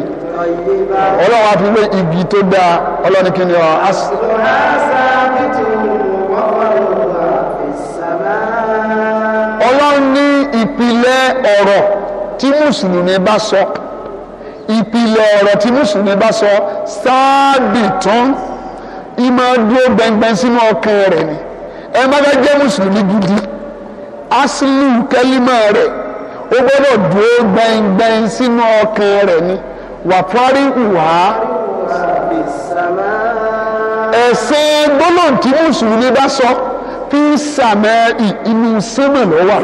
Speaker 1: ọlọ́run àfi wé igi tó dáa ọlọ́run kí ni ọ. ọlọ́run ní ìpìlẹ̀ ọ̀rọ̀ tí mùsùlùmí bá sọ ìpìlẹ̀ ọ̀rọ̀ tí mùsùlùmí bá sọ sáàbì tán ìmọ̀ dúró gbẹngbẹn sínú ọkàn rẹ̀ ni ẹ má fẹ́ jẹ́ mùsùlùmí gidi asilu kẹ́límọ̀ rẹ̀ ó gbọ́dọ̀ dúró gbẹngbẹn sínú ọkàn rẹ̀ ni wà fárí ìwà ẹ̀sẹ̀ gbólóhùn tí mùsùlùmí bá sọ fi ń sàmẹ́ inú sẹ́mọ̀ lọ́wọ́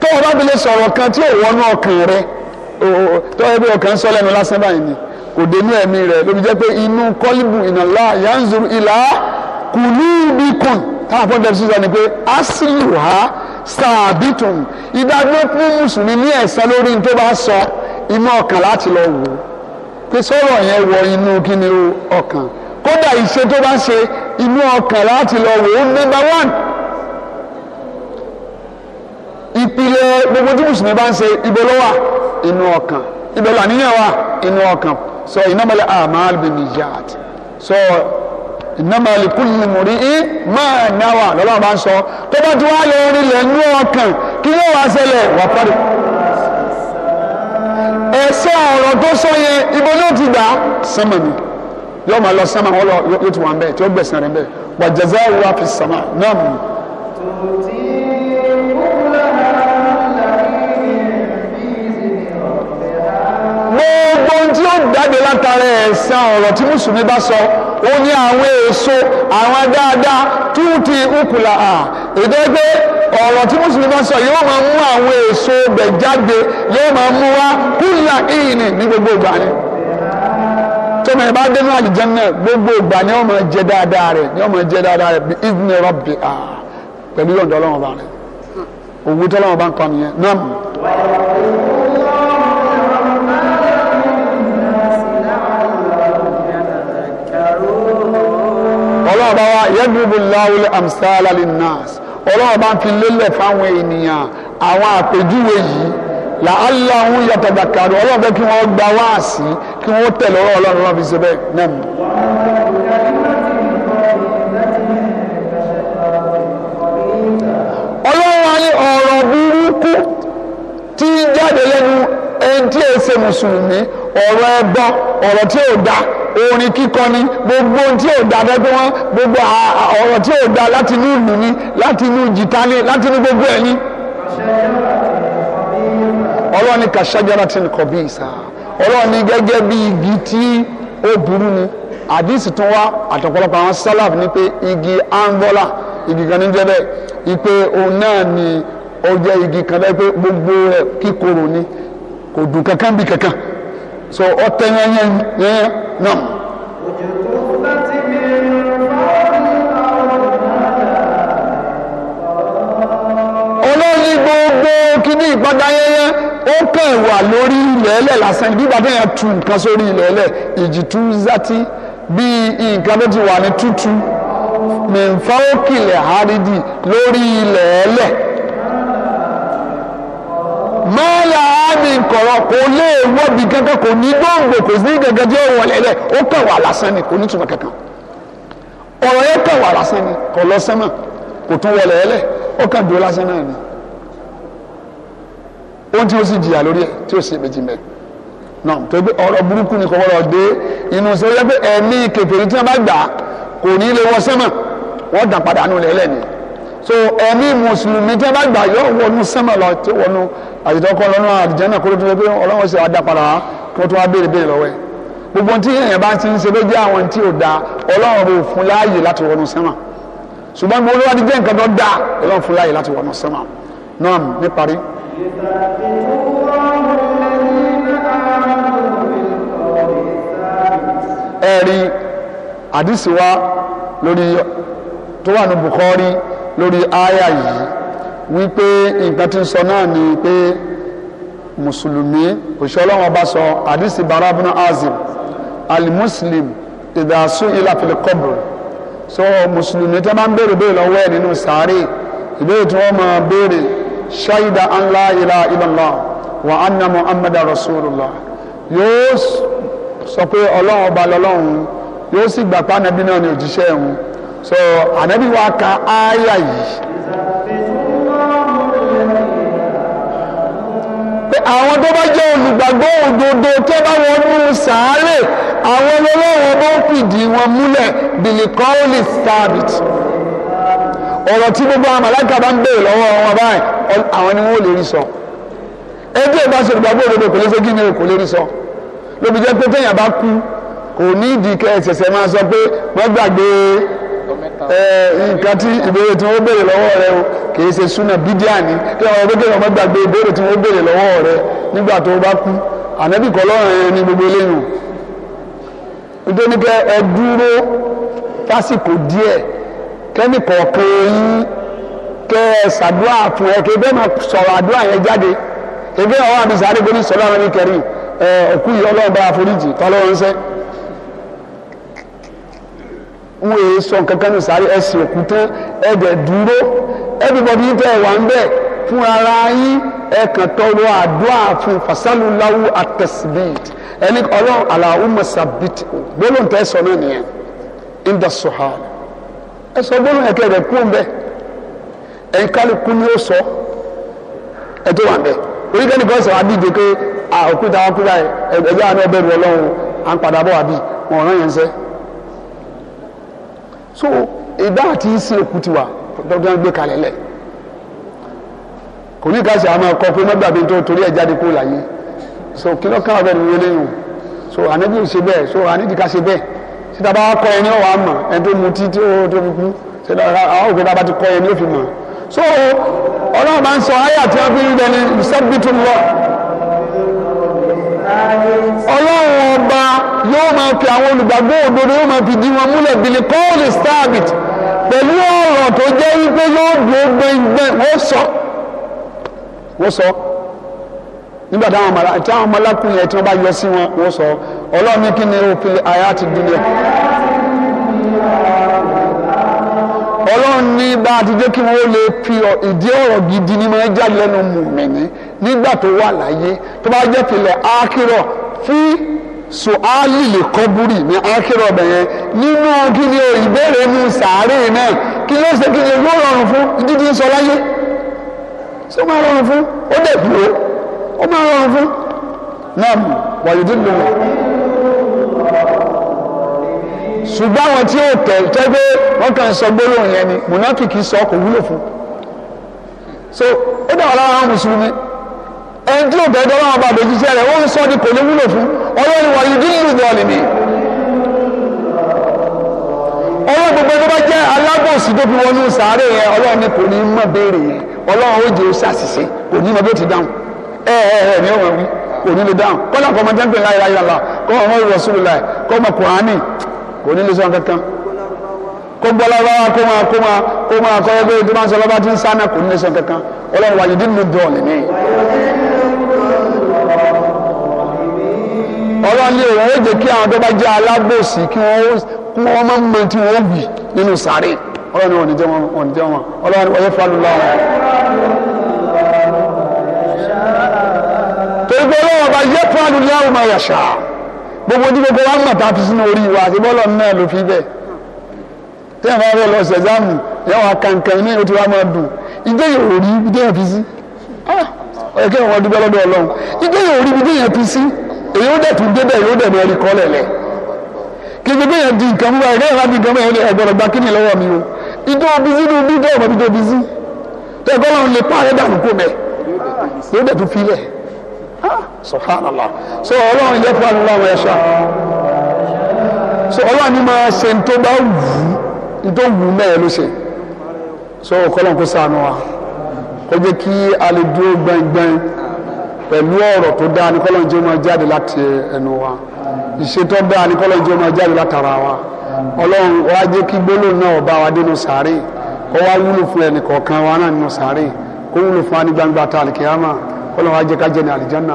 Speaker 1: tó bá fi sọ̀rọ̀ kan tí ò wọnú ọkàn rẹ̀ tó bí ọkàn sọ lẹ́nu lásán báyìí ni kò dénú ẹ̀mí rẹ̀ ló fi jẹ́ pé inú kọ́líbù ìnàlá yanzuru ìlà kùlùbíkùn táwọn fọ́n dẹ́rẹ́ sísọ ni pé asìlù ha sàbítùn ìdájọ́ fún mùsùlùmí ní ẹ̀sán lórí tó bá sọ inú ọkàn láti lọ wò ó pé sọ̀rọ̀ yẹn wọ inú kíni o ọkàn kódà ìṣe tó bá ṣe inú ọkàn láti lọ wò ó nọ́mbà one ìpìlẹ̀ gbogbo tí mùsùlùmí bá ń ṣe ibo ló wà inú ọkàn ibẹ̀ làníyàn wà inú ọkàn so ìnámalẹ̀ amal bin nijat so ìnámalẹ̀ kúlì múrí í máa náwà lọ́lọ́run bá ń sọ tó bá ti wá lọ rinlẹ̀ nú ọkàn kí ló wàá ṣẹlẹ̀ wà pàdé. ẹ̀sẹ̀ ọ̀rọ̀ tó sọ yẹn ibo ló ti gbà sánmà ni yóò máa lọ sánmà wọn yóò ti wà ń bẹ̀ tí ó gbẹ̀sán rẹ̀ ń bẹ̀ wà jẹ́sẹ̀ wà fi sánmà náà mú. gbogbo ohun tí ó jáde látara ẹ̀san ọ̀rọ̀ tí mùsùlùmí bá sọ ó ní àwọn èso àwọn dáadáa túùtì ukùlà à ìdẹ́gbẹ́ ọ̀rọ̀ tí mùsùlùmí bá sọ yóò máa mú àwọn èso bẹ̀ jáde yóò máa mú wá kúlà ìyìnì ní gbogbo ìgbà ni tọ́mọ ẹ̀ bá dé náà àdìjẹ́ náà gbogbo ìgbà ni ó máa jẹ dáadáa rẹ̀ ni ó máa jẹ dáadáa rẹ̀ bí ìdílé rọ́bì à pẹ̀lú yọ̀ǹda ọlọ́run bá rẹ̀ òwú tọ́lọ́run bá ń kọ́ nìyẹn náà. ọlọ́run bá wa yẹ́dùbù láwùlẹ̀ amsala linnas ọlọ́run bá ń fi lélẹ̀ fáwọn ènìyàn àwọn àpèjúwe yìí là á lọ àwọn yàtọ̀gbà kàdùn ọlọ́run kí wọ́n gba wáàsí kí wọ́n tẹ̀lé ọ̀rọ̀ ọlọ́run fi ṣe bẹ́ẹ̀ nẹ́ẹ̀mú. ọlọ́run ayé ọ̀rọ̀ burúkú tí ń jáde lẹ́nu ẹni tí èsè mùsùlùmí ọ̀rọ̀ ẹ̀bọ ọ̀rọ̀ tí ò dáa orin kíkọ ni gbogbo ohun tí ò da dẹ́gbẹ́ wọn gbogbo ọ̀rọ̀ tí ò da láti inú ìlú ni láti inú jìtá ni láti inú gbogbo ẹ̀ ni. ọlọ́ni kàṣájára ti kọ̀ bí ìsà ọlọ́ni gẹ́gẹ́ bí igi tí ó burú ni àdìsí tún wá àtọ̀pọ̀lọpọ̀ àwọn sálàf ni pé igi angola igi kan ní jẹ́ ipe òun náà ni ó jẹ́ igi kan lẹ́yìn pé gbogbo rẹ̀ kíkorò ni kò dùn kankan bí kankan so ọtẹ yẹn yẹn yẹn nam. olóyìn gbogbo kíní ìpadà yẹyẹ ó kàn wà lórí ilẹ̀ ẹlẹ̀ lásán bí bàbá yẹn tu nǹkan sórí ilẹ̀ ẹlẹ̀ ìjì tú zati bíi nǹkan tó ti wà ní tútù mẹ̀ǹfà ó kìlẹ̀ àrídì lórí ilẹ̀ ẹlẹ̀ mọ́lá mi kọ̀rọ̀ kò lè wọ́bi kankan kò ní gbòǹgbò kò sí gẹ́gẹ́ bí ọ̀wọ́ lẹ́lẹ̀ ó kàn wà lásán ni kò ní túmọ̀ kankan ọ̀rọ̀ yẹn kàn lásán ni kò lọ sánmà kò tún wọlé ẹlẹ̀ ó kàn dúró lásán náà ni ohun tí ó sì jìyà lórí ẹ tí ó sì méjì mẹ náà tó gbé ọ̀rọ̀ burúkú ni kò wọ́n lọ dé inú sọ yẹ pé ẹ̀mí kèfèrí tí wọ́n bá gbà kò ní lè wọ sánmà wọ́n dàn padà nù lẹ́lẹ̀ ni so ẹ̀mí mùsùlùmí tí wọ́n bá gbà yọ wọnú sẹ́mọ̀ lọ tí wọnú àyètọ́kọ́ lọ́nà àdìjẹ́nà kó ló tún lé pé ọlọ́wọ́ sì adá padà wá kí wọ́n tún wá béèrè béèrè lọ́wọ́ ẹ̀ gbogbo tí èèyàn bá ti ń ṣe ló jẹ́ àwọn tí ò da ọlọ́run ò fún láàyè láti wọnú sẹ́mọ̀ ṣùgbọ́n mo ló wá ti jẹ́ nǹkan tó da ọlọ́run fún láàyè láti wọnú sẹ́mọ̀ náà ní parí. ẹ̀rí àdìsí wa lórí tó wà ní Bukhari lórí àyà yìí wípé nǹkan tí ń sọ náà ni pé mùsùlùmí òṣìṣẹ́ ọlọ́run ọba sọ àdìsí barabuna azim alimuslim ìdásù ilà filikọ́bù so mùsùlùmí tí wọ́n bá ń béèrè béèrè lọ́wọ́ ẹ̀ nínú sàárè ìbéèrè tí wọ́n máa béèrè ṣáìdá anlá ilà ilàlá wa anna muhammadu rasulullah yóò sọ pé ọlọ́run ọba lọ́lọ́run yóò sì gbà pé ànábì náà ni òjíṣẹ́ òun so ànábì wa ka ááyà yìí pé àwọn tó bá jẹ́ olùgbàgbọ́ òdodo tó bá wọn mú sàárè àwọn ọlọ́wọ́n bó fìdí wọn múlẹ̀ bìlìkọ́ọ̀lì sábìt ọ̀rọ̀ tí gbogbo àwọn màláìka bá ń béèrè lọ́wọ́ wọn báyìí àwọn ni wọn ò lè rí sọ ẹbí ẹ bá ṣe olùgbàgbọ́ òdodo kò lè ṣe kí ni kò lè rí sọ lóbi jẹ́ pé téèyàn bá kú kò ní ìdí kẹ́ ẹ̀ ṣẹ̀ṣẹ̀ máa sọ pé wọ́n gbàgbé nǹkan tí ìbéèrè tí wọ́n béèrè lọ́wọ́ rẹ o kì í ṣe súnà bídíà ni kí àwọn ọmọ kékeré ọmọ gbàgbé ìbéèrè tí wọ́n béèrè lọ́wọ́ rẹ nígbà tó o bá kú ànábì kọ́ lọ́rùn yẹn ní gbogbo eléyìí o nítorí pé ẹ dúró fásìkò díẹ̀ kẹ́míkọ̀ kan yín kẹ́ ẹ ṣàdúrà fún ẹ kí ẹ bẹ́ẹ̀ máa sọ̀rọ̀ àdúrà yẹn jáde ẹgbẹ́ ọwọ́ àbísà àdégbé ní sọ̀rọ̀ àwọn ẹni kẹrin ẹ̀ òkú yìí ọlọ́run bá foríjì tọ́lọ́run sẹ́ẹ́ wọn èyí sọ nǹkan kan ní sáré ẹsìn òkú tán ẹ̀dẹ̀ dúró everybody tẹ̀ wá ń bẹ̀ fún ara yín ẹ kàn tọrọ àdúrà fún fasalulahu atasibit ẹni ọlọ́run alahuma sabit gbólóhùn tẹ́ sọ náà nìyẹn in the sohal ẹ sọ gbólóhùn ẹ̀kẹ́ rẹ̀ kú ọ̀nbẹ ẹ̀yin kálukú ni ó sọ ẹ tó wà bẹ́ẹ̀ oríkẹ́ni kan sọ abíjẹ pé òkúta wọn kúra ẹ̀ ẹ̀jẹ̀ àná ọbẹ̀ rẹ̀ ọlọ́run à ń padà bọ̀ àbí wọn ò rán yẹn sẹ́ẹ́ so ìgbà àti ìsìn òkú ti wà dọ́gbọ́n gbé kalẹ̀ lẹ̀ kò ní ká ṣe àwọn ọkọ̀ pé mọ́gbàgbé tó torí ẹ̀ jáde kó láyé so kí ló kàn bẹ́ẹ̀ ni wọ́n léyìn so ànábì ò ṣe bẹ́ẹ̀ so àníjì ká ṣe bẹ́ẹ̀ síta bá kọ́ ẹni ọ̀wà mọ̀ ẹni tó mu tí tó tó fi kú síta àwọn òkè bá ti kọ́ ẹni ó fi mọ̀ so ọlọ́run bá ń sọ ayé àti ọ̀gbìn rẹ̀ ni ìṣẹ́bí tó ń lọ ọlọ́run ọba yóò máa fi àwọn olùgbàgbọ́ òdodo yóò máa fi di wọn múlẹ̀ bìlì kọ́ọ̀lì starvit pẹ̀lú ọ̀rọ̀ tó jẹ́ wípé yóò dúró gbẹ̀ngbẹ̀ wọ́n sọ wọ́n sọ nígbà táwọn ọmọ táwọn ọmọ alákùnrin yẹn tí wọ́n bá yọ sí wọn wọ́n sọ ọlọ́run kí ni òfin àyà ti dúró ọlọ́run ní bá a ti dé kí wọ́n lè fi ìdí ọ̀rọ̀ gidi ní máa jáde lẹ́nu mùmìnì nígbà tó wà láyé tó bá jẹ́ tilẹ̀ ákírọ̀ fí sùhálì lè kọ́búrì ní ákírọ̀ ọ̀bẹ̀ yẹn nínú kíni o ìbéèrè inú sàárè náà kí ló ṣe kíni yóò rọrùn fún dídí sọ láyé ṣé ó máa rọrùn fún ó dẹ̀ dúró ó máa rọrùn fún náà wàyí dídì wọn ṣùgbọ́n àwọn tí yóò tẹ̀ tẹ́gbẹ́ wọ́n kàn sọ gbólóhùn yẹn ni mùnáfìkì sọ kò wúlò fún so ó dà wà lára mùsùlùmí ẹni tí ò bẹ́ẹ̀ dọ́là wọn bá bẹ́ẹ̀ jíṣẹ́ rẹ̀ ó ń sọ ni kò ní wúlò fún ọlọ́run wọ̀ yìí dín lùdọ̀ ọ̀lì mi. ọwọ́ gbogbo tó bá jẹ́ alábòsí tó fi wọnú sàárè yẹn ọlọ́run ni kò ní mọ̀ béèrè yẹn ọlọ́run ó jẹ́ ṣàṣìṣe kò ní mọ bó ti dáhùn ẹ ẹ ẹ ní ọmọ wí kò ní lè dáhùn kọ́lá kọ́ ọmọ tẹ́ńpẹ̀ láyé láyé lálá kọ́ ọmọ ìwọ̀sùn láyé kọ́ ọmọ kùránì kò ní lè sọ kankan kó gbọ́ lọ́wọ́ ọlọ́run lè rẹ̀ ó jẹ́ kí àwọn tó bá jẹ́ alábòsí kí wọ́n kú wọ́n máa ń mọ tí wọ́n wì nínú sáré ọlọ́run wọn ní jẹ́ wọn wọn ní jẹ́ wọn ọlọ́run wọ́n yẹ fálù láwọn. torí pé ọlọ́run ọba yẹ fálù láwọn máa yàṣà gbogbo ní gbogbo wa ń mọ̀ tàbí sínú orí wa àti bọ́ọ̀lù náà ló fi bẹ́ẹ̀ tẹ́yìn bá fẹ́ lọ sẹ̀dáàmù yẹn wà kankan ní o ti wá máa dùn ìdé yẹn ò rí ibi tẹ́yìn fi sí ọ̀yẹ̀kẹ́ ah! wọn dúpẹ́ lọ́dọ̀ ọlọ́run ìdé yẹn ò rí ibi tẹ́yìn fi sí èyí ó dẹ̀ tún débẹ̀ yóò dẹ̀ mẹ́rin kọ́ lẹ̀lẹ̀ kíkẹ́ bẹ́ẹ̀ di nǹkan fún wa ẹ̀rẹ́ ìwà di nǹkan mẹ́rin ẹ̀gbọ́dọ̀ gba kíni lọ́wọ́ mi o ìtò bísí ní bí dẹ́wọ̀ bí tó bísí tẹ́ ẹ̀kọ́ lọ́run lè pààrẹ́ dànù kó mẹ́ yóò dẹ̀ tún filẹ̀ subhanallah so ọlọ́run yẹ fún àwọn ọmọ ẹ̀ṣọ́ so ọlọ́run ni máa ṣe tó bá wù ú tó wù ú mẹ́ẹ̀ ló ṣe so ọkọ́ lọ́run kó sànù wa ó jẹ́ kí a lè dúró gbẹngbẹng pẹ̀lú ọ̀rọ̀ tó dáa ní kọ́lọ́n jẹ́ máa jáde láti ẹnu wa ìṣe tó dáa ní kọ́lọ́n jẹ́ máa jáde látara wa ọlọ́run wá jẹ́ kí gbólóhùn náà bá wa dénú sàárè kó wá wúlò fún ẹnì kọ̀ọ̀kan wa náà nínú sàárè kó wúlò fún wa ní gbangba ta àlìkìyàmà kọ́lọ́n wá jẹ́ ká jẹ́ ní àlìjánà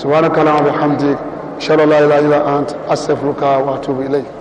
Speaker 1: subhanaka wa bihamdik shalala ilaha illa ant astaghfiruka wa atubu ilayk